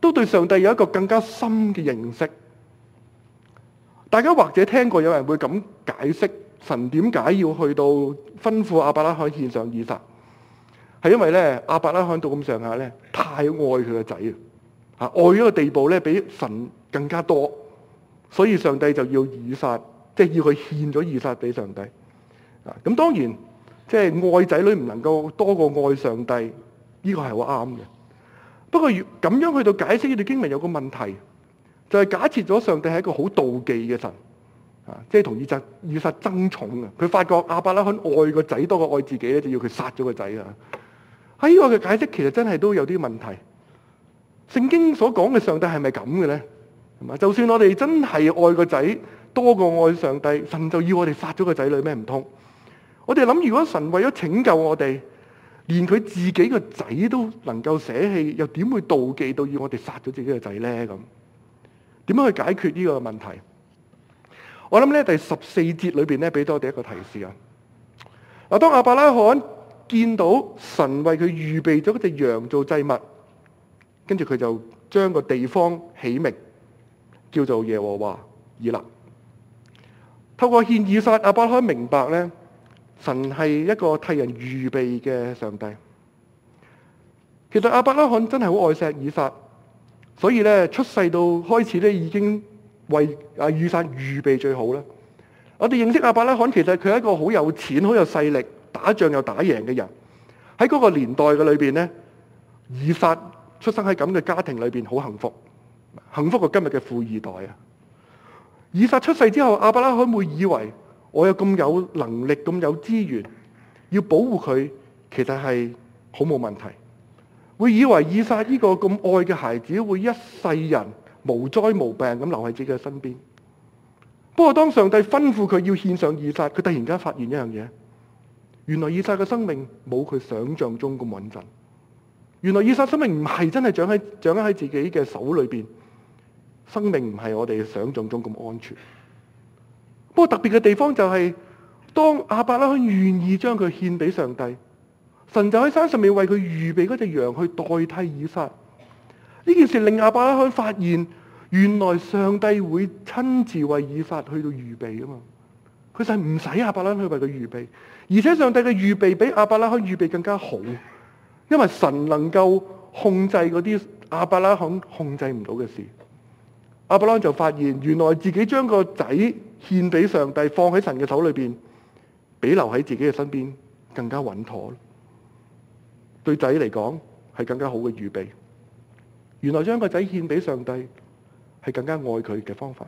[SPEAKER 5] 都對上帝有一個更加深嘅認識。大家或者聽過有人會咁解釋，神點解要去到吩咐阿伯拉罕獻上以撒？係因為咧，阿伯拉罕到咁上下咧，太愛佢個仔啊，吓愛個地步咧，比神更加多，所以上帝就要以撒，即係要佢獻咗以撒俾上帝。啊，咁當然即係、就是、愛仔女唔能夠多過愛上帝，呢、這個係好啱嘅。不過咁樣去到解釋呢段經文，有個問題就係、是、假設咗上帝係一個好妒忌嘅神，啊，即係同以撒以撒爭寵啊，佢發覺阿伯拉罕愛個仔多過愛自己咧，就要佢殺咗個仔啊。喺呢個嘅解釋其實真係都有啲問題。聖經所講嘅上帝係咪咁嘅呢？就算我哋真係愛個仔多過愛上帝，神就要我哋殺咗個仔女咩唔通？我哋諗，如果神為咗拯救我哋，連佢自己個仔都能夠捨棄，又點會妒忌到要我哋殺咗自己嘅仔呢？咁點樣去解決呢個問題？我諗呢第十四節裏邊呢俾到我哋一個提示啊。嗱，當亞伯拉罕。見到神為佢預備咗嗰隻羊做祭物，跟住佢就將個地方起名叫做耶和華以勒。透過獻以撒，亞伯拉罕明白咧，神係一個替人預備嘅上帝。其實亞伯拉罕真係好愛錫以撒，所以咧出世到開始咧已經為阿以撒預備最好啦。我哋認識亞伯拉罕，其實佢係一個好有錢、好有勢力。打仗又打贏嘅人，喺嗰個年代嘅裏邊咧，以撒出生喺咁嘅家庭裏邊，好幸福，幸福過今日嘅富二代啊！以撒出世之後，亞伯拉罕會以為我有咁有能力、咁有資源，要保護佢，其實係好冇問題。會以為以撒呢個咁愛嘅孩子會一世人無災無病咁留喺自己嘅身邊。不過當上帝吩咐佢要獻上以撒，佢突然間發現一樣嘢。原來以撒嘅生命冇佢想象中咁穩陣。原來以撒生命唔係真係掌握掌緊喺自己嘅手裏邊，生命唔係我哋想象中咁安全。不過特別嘅地方就係，當阿伯拉罕願意將佢獻俾上帝，神就喺山上面為佢預備嗰隻羊去代替以撒。呢件事令阿伯拉罕發現，原來上帝會親自為以撒去到預備啊嘛。佢就唔使亞伯拉罕去為佢預備，而且上帝嘅預備比亞伯拉罕預備更加好，因為神能夠控制嗰啲亞伯拉罕控制唔到嘅事。亞伯拉罕就發現，原來自己將個仔獻俾上帝，放喺神嘅手裏邊，比留喺自己嘅身邊更加穩妥。對仔嚟講係更加好嘅預備。原來將個仔獻俾上帝係更加愛佢嘅方法。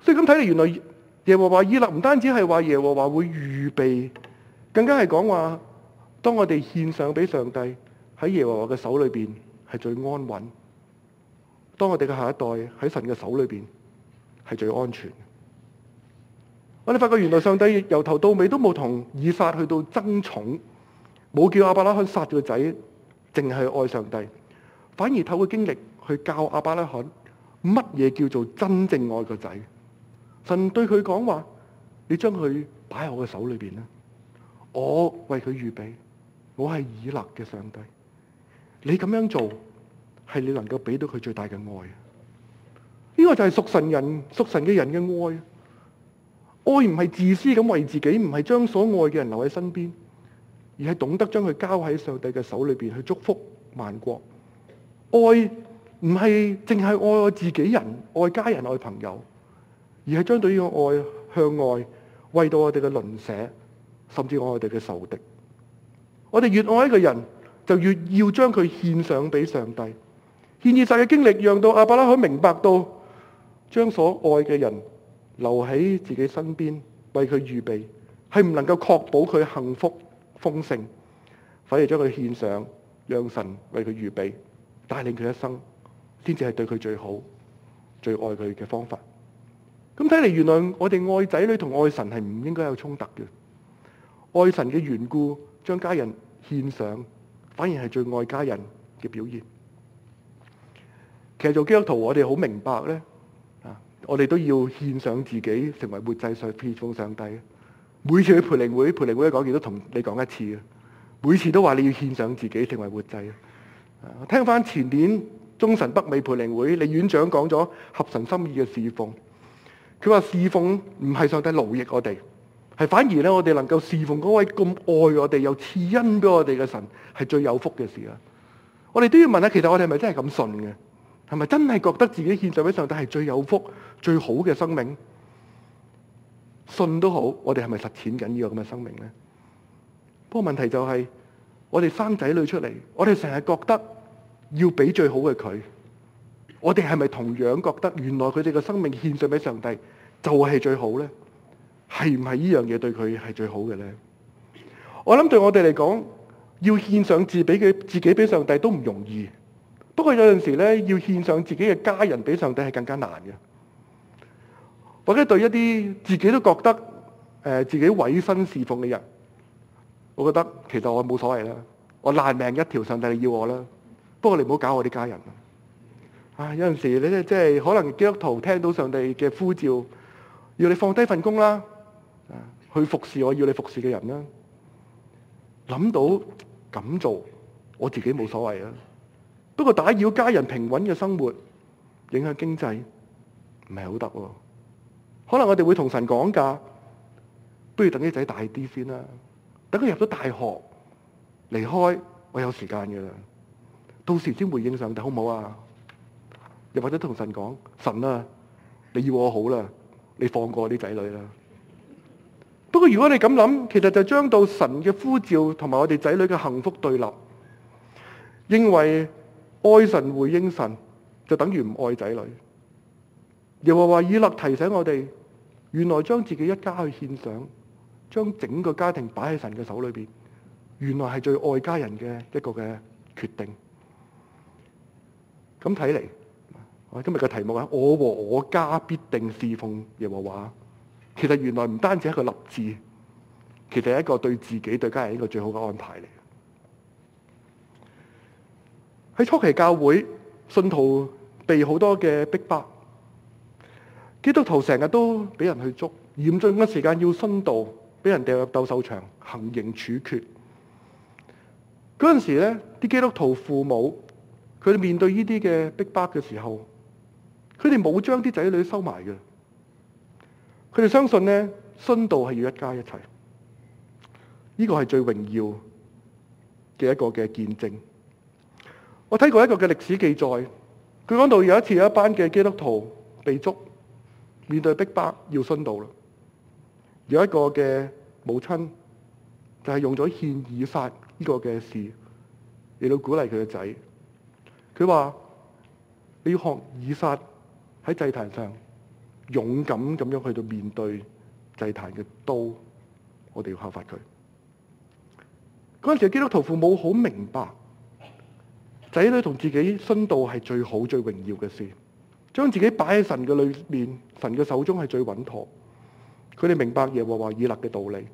[SPEAKER 5] 所以咁睇嚟，原來。耶和華以勒唔單止係話耶和華會預備，更加係講話，當我哋獻上俾上帝喺耶和華嘅手裏邊係最安穩；當我哋嘅下一代喺神嘅手裏邊係最安全。我哋發覺原來上帝由頭到尾都冇同以撒去到爭寵，冇叫亞伯拉罕殺咗個仔，淨係愛上帝，反而透過經歷去教亞伯拉罕乜嘢叫做真正愛個仔。神對佢講話：你將佢擺喺我嘅手裏邊啦，我為佢預備，我係以勒嘅上帝。你咁樣做，係你能夠俾到佢最大嘅愛。呢、這個就係屬神人、屬神嘅人嘅愛啊！愛唔係自私咁為自己，唔係將所愛嘅人留喺身邊，而係懂得將佢交喺上帝嘅手裏邊去祝福萬國。愛唔係淨係愛我自己人、愛家人、愛朋友。而係將對於愛向外，為到我哋嘅鄰舍，甚至我哋嘅仇敵。我哋越愛一個人，就越要將佢獻上俾上帝。獻以撒嘅經歷，讓到亞伯拉罕明白到，將所愛嘅人留喺自己身邊，為佢預備，係唔能夠確保佢幸福豐盛，反而將佢獻上，讓神為佢預備，帶領佢一生，先至係對佢最好、最愛佢嘅方法。咁睇嚟，來原來我哋愛仔女同愛神係唔應該有衝突嘅。愛神嘅緣故，將家人獻上，反而係最愛家人嘅表現。其實做基督徒，我哋好明白呢，我哋都要獻上自己，成為活祭，上獻奉上帝。每次去培靈會，培靈會嘅講員都同你講一次，每次都話你要獻上自己，成為活祭。啊，聽翻前年中神北美培靈會，李院長講咗合神心意嘅事奉。佢話侍奉唔係上帝奴役我哋，係反而咧我哋能夠侍奉嗰位咁愛我哋又賜恩俾我哋嘅神，係最有福嘅事啊！我哋都要問下，其實我哋係咪真係咁信嘅？係咪真係覺得自己獻上俾上帝係最有福最好嘅生命？信都好，我哋係咪實踐緊呢個咁嘅生命呢？不過問題就係，我哋生仔女出嚟，我哋成日覺得要俾最好嘅佢。我哋係咪同樣覺得原來佢哋嘅生命獻上俾上帝就係最好呢？係唔係呢樣嘢對佢係最好嘅呢？我諗對我哋嚟講，要獻上自己嘅自己俾上帝都唔容易。不過有陣時呢，要獻上自己嘅家人俾上帝係更加難嘅。或者對一啲自己都覺得誒自己委身侍奉嘅人，我覺得其實我冇所謂啦。我爛命一條，上帝要我啦。不過你唔好搞我啲家人。啊！有陣時你哋，即係可能基督徒聽到上帝嘅呼召，要你放低份工啦，啊，去服侍我要你服侍嘅人啦。諗到咁做，我自己冇所謂啊。不過打擾家人平穩嘅生活，影響經濟，唔係好得喎。可能我哋會同神講價，不如等啲仔大啲先啦。等佢入咗大學離開，我有時間㗎啦。到時先回應上帝，好唔好啊？.又或者同神講，神啊，你要我好啦，你放過我啲仔女啦。不過如果你咁諗，其實就將到神嘅呼召同埋我哋仔女嘅幸福對立，認為愛神回應神，就等於唔愛仔女。又話，話以勒提醒我哋，原來將自己一家去獻上，將整個家庭擺喺神嘅手裏邊，原來係最愛家人嘅一個嘅決定。咁睇嚟。今日嘅題目係我和我家必定事奉耶和華。其實原來唔單止係一個立志，其實係一個對自己、對家人一個最好嘅安排嚟。喺初期教會，信徒被好多嘅逼迫，基督徒成日都俾人去捉，嚴峻嘅時間要殉道俾人掉入鬥獸場、行刑處決。嗰陣時咧，啲基督徒父母，佢哋面對呢啲嘅逼迫嘅時候，佢哋冇將啲仔女收埋嘅，佢哋相信咧，殉道係要一家一齊，呢個係最榮耀嘅一個嘅見證。我睇過一個嘅歷史記載，佢講到有一次有一班嘅基督徒被捉，面對逼迫要殉道啦，有一個嘅母親就係、是、用咗獻以撒呢個嘅事嚟到鼓勵佢嘅仔，佢話你要學以撒。喺祭壇上勇敢咁樣去到面對祭壇嘅刀，我哋要效法佢。嗰陣時基督徒父母好明白，仔女同自己殉道係最好最榮耀嘅事，將自己擺喺神嘅裏面，神嘅手中係最穩妥。佢哋明白耶和華以勒嘅道理。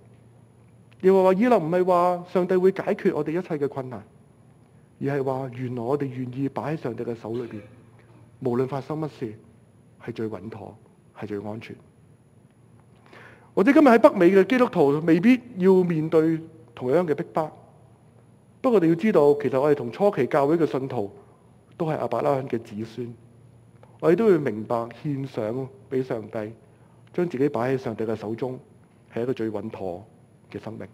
[SPEAKER 5] 耶和華以勒唔係話上帝會解決我哋一切嘅困難，而係話原來我哋願意擺喺上帝嘅手裏邊，無論發生乜事。係最穩妥，係最安全。我哋今日喺北美嘅基督徒，未必要面對同樣嘅逼迫。不過，你要知道，其實我哋同初期教會嘅信徒都係阿伯拉罕嘅子孫。我哋都會明白，獻上俾上帝，將自己擺喺上帝嘅手中，係一個最穩妥嘅生命。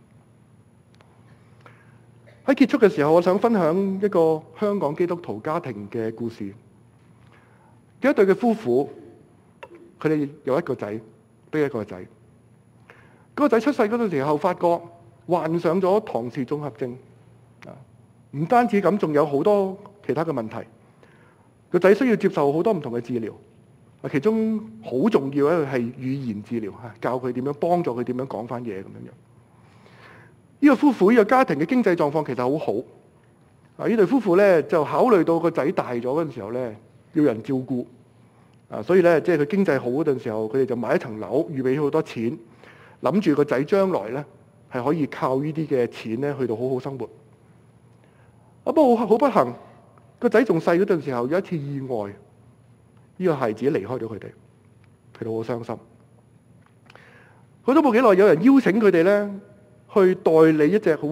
[SPEAKER 5] 喺結束嘅時候，我想分享一個香港基督徒家庭嘅故事。一對嘅夫婦，佢哋有一個仔，得一個仔。嗰個仔出世嗰陣時候，發覺患上咗唐氏綜合症，唔單止咁，仲有好多其他嘅問題。個仔需要接受好多唔同嘅治療，其中好重要嘅係語言治療，教佢點樣幫助佢點樣講翻嘢，咁樣樣。呢個夫婦呢個家庭嘅經濟狀況其實好好。啊，呢對夫婦咧就考慮到個仔大咗嗰陣時候咧。要人照顧，啊，所以咧，即係佢經濟好嗰陣時候，佢哋就買一層樓，預備好多錢，諗住個仔將來咧，係可以靠呢啲嘅錢咧，去到好好生活。啊，不過好不幸，個仔仲細嗰陣時候，有一次意外，呢個孩子離開咗佢哋，佢哋好傷心。佢咗冇幾耐，有人邀請佢哋咧，去代理一隻好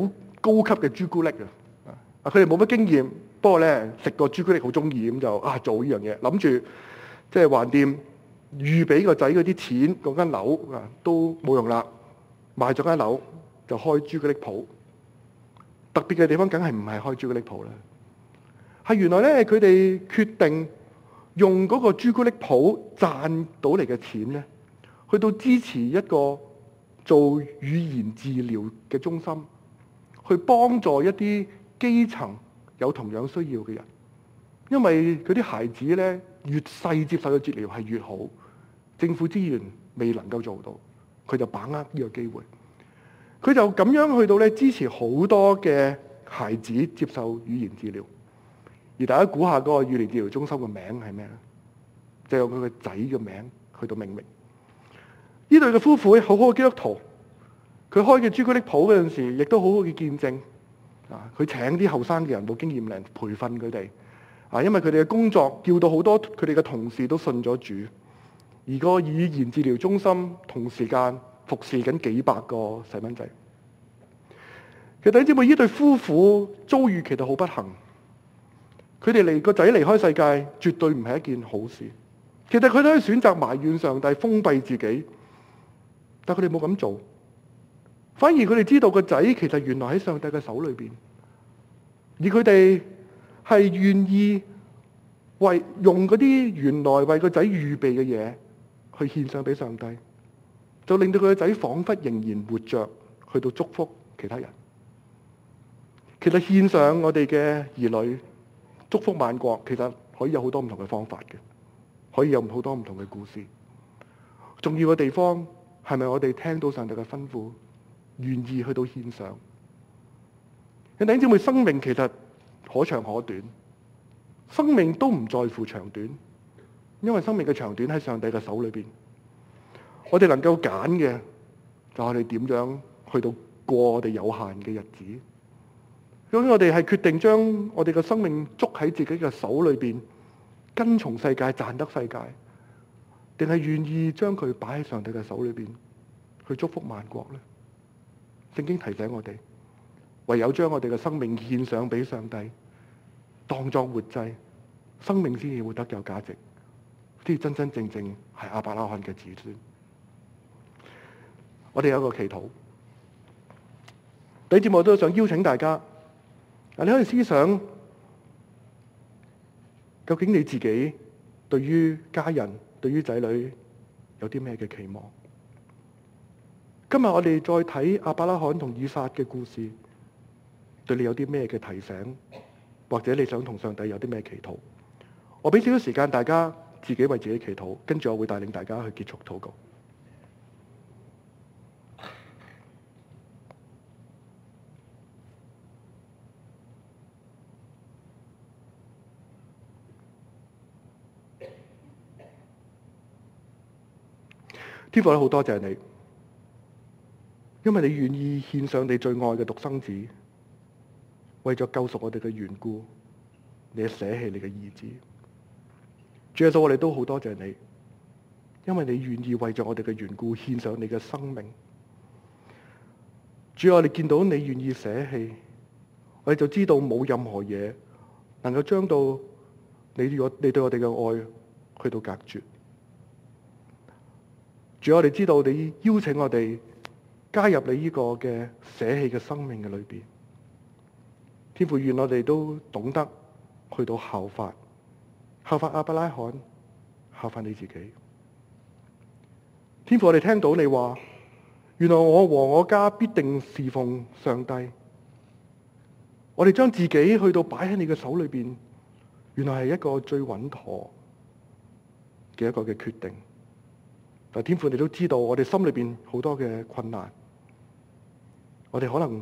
[SPEAKER 5] 高級嘅朱古力啊！啊，佢哋冇乜經驗。不過呢，食個朱古力好鍾意咁就啊，做一樣嘢，諗住即係橫掂預備個仔嗰啲錢，嗰間樓都冇用啦，賣咗間樓就開朱古力鋪。特別嘅地方，梗係唔係開朱古力鋪咧？係原來呢，佢哋決定用嗰個朱古力鋪賺到嚟嘅錢呢，去到支持一個做語言治療嘅中心，去幫助一啲基層。有同樣需要嘅人，因為佢啲孩子咧，越細接受嘅治療係越好，政府資源未能夠做到，佢就把握呢個機會，佢就咁樣去到咧，支持好多嘅孩子接受語言治療。而大家估下嗰個語言治療中心嘅名係咩咧？就用佢個仔嘅名去到命名。呢對嘅夫婦好好嘅基督徒，佢開嘅朱古力鋪嗰陣時，亦都好好嘅見證。佢請啲後生嘅人冇經驗嚟培訓佢哋，啊，因為佢哋嘅工作叫到好多佢哋嘅同事都信咗主，而個語言治療中心同時間服侍緊幾百個細蚊仔。其實你知唔知呢對夫婦遭遇其實好不幸？佢哋離個仔離開世界絕對唔係一件好事。其實佢都可以選擇埋怨上帝、封閉自己，但佢哋冇咁做。反而佢哋知道個仔其實原來喺上帝嘅手裏邊，而佢哋係願意為用嗰啲原來為個仔預備嘅嘢去獻上俾上帝，就令到佢個仔仿佛仍然活着，去到祝福其他人。其實獻上我哋嘅兒女，祝福萬國，其實可以有好多唔同嘅方法嘅，可以有好多唔同嘅故事。重要嘅地方，係咪我哋聽到上帝嘅吩咐？願意去到獻上，弟兄姊妹，生命其實可長可短，生命都唔在乎長短，因為生命嘅長短喺上帝嘅手裏邊。我哋能夠揀嘅就係我哋點樣去到過我哋有限嘅日子。如果我哋係決定將我哋嘅生命捉喺自己嘅手裏邊，跟從世界賺得世界，定係願意將佢擺喺上帝嘅手裏邊去祝福萬國呢？聖經提醒我哋，唯有將我哋嘅生命獻上俾上帝，當作活祭，生命先至活得有價值，先至真真正正係亞伯拉罕嘅子孫。我哋有一個祈禱，第二節目我都想邀請大家，啊，你可以思想，究竟你自己對於家人、對於仔女有啲咩嘅期望？今日我哋再睇亞伯拉罕同以撒嘅故事，對你有啲咩嘅提醒？或者你想同上帝有啲咩祈禱？我俾少少時間大家自己為自己祈禱，跟住我會帶領大家去結束禱告。天父，好 多謝你。因為你願意獻上你最愛嘅獨生子，為咗救贖我哋嘅緣故，你的捨棄你嘅兒子。主耶穌，我哋都好多謝你，因為你願意為咗我哋嘅緣故獻上你嘅生命。主啊，我哋見到你願意捨棄，我哋就知道冇任何嘢能夠將到你若你對我哋嘅愛去到隔絕。主啊，我哋知道你邀請我哋。加入你呢個嘅捨棄嘅生命嘅裏邊，天父，願我哋都懂得去到效法，效法亞伯拉罕，效法你自己。天父，我哋聽到你話，原來我和我家必定侍奉上帝，我哋將自己去到擺喺你嘅手裏邊，原來係一個最穩妥嘅一個嘅決定。但天父，你都知道我哋心裏邊好多嘅困難。我哋可能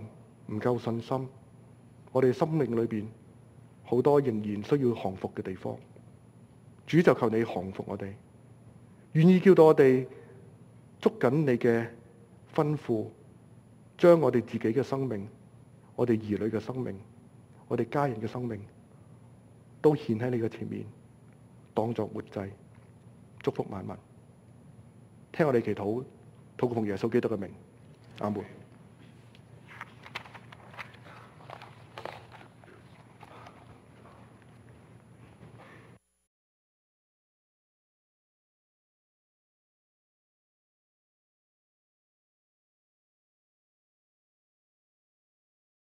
[SPEAKER 5] 唔夠信心，我哋生命裏邊好多仍然需要降服嘅地方。主就求你降服我哋，願意叫到我哋捉緊你嘅吩咐，將我哋自己嘅生命、我哋兒女嘅生命、我哋家人嘅生命，都獻喺你嘅前面，當作活祭，祝福萬民。聽我哋祈禱，禱告奉耶穌基督嘅名，阿門。Okay.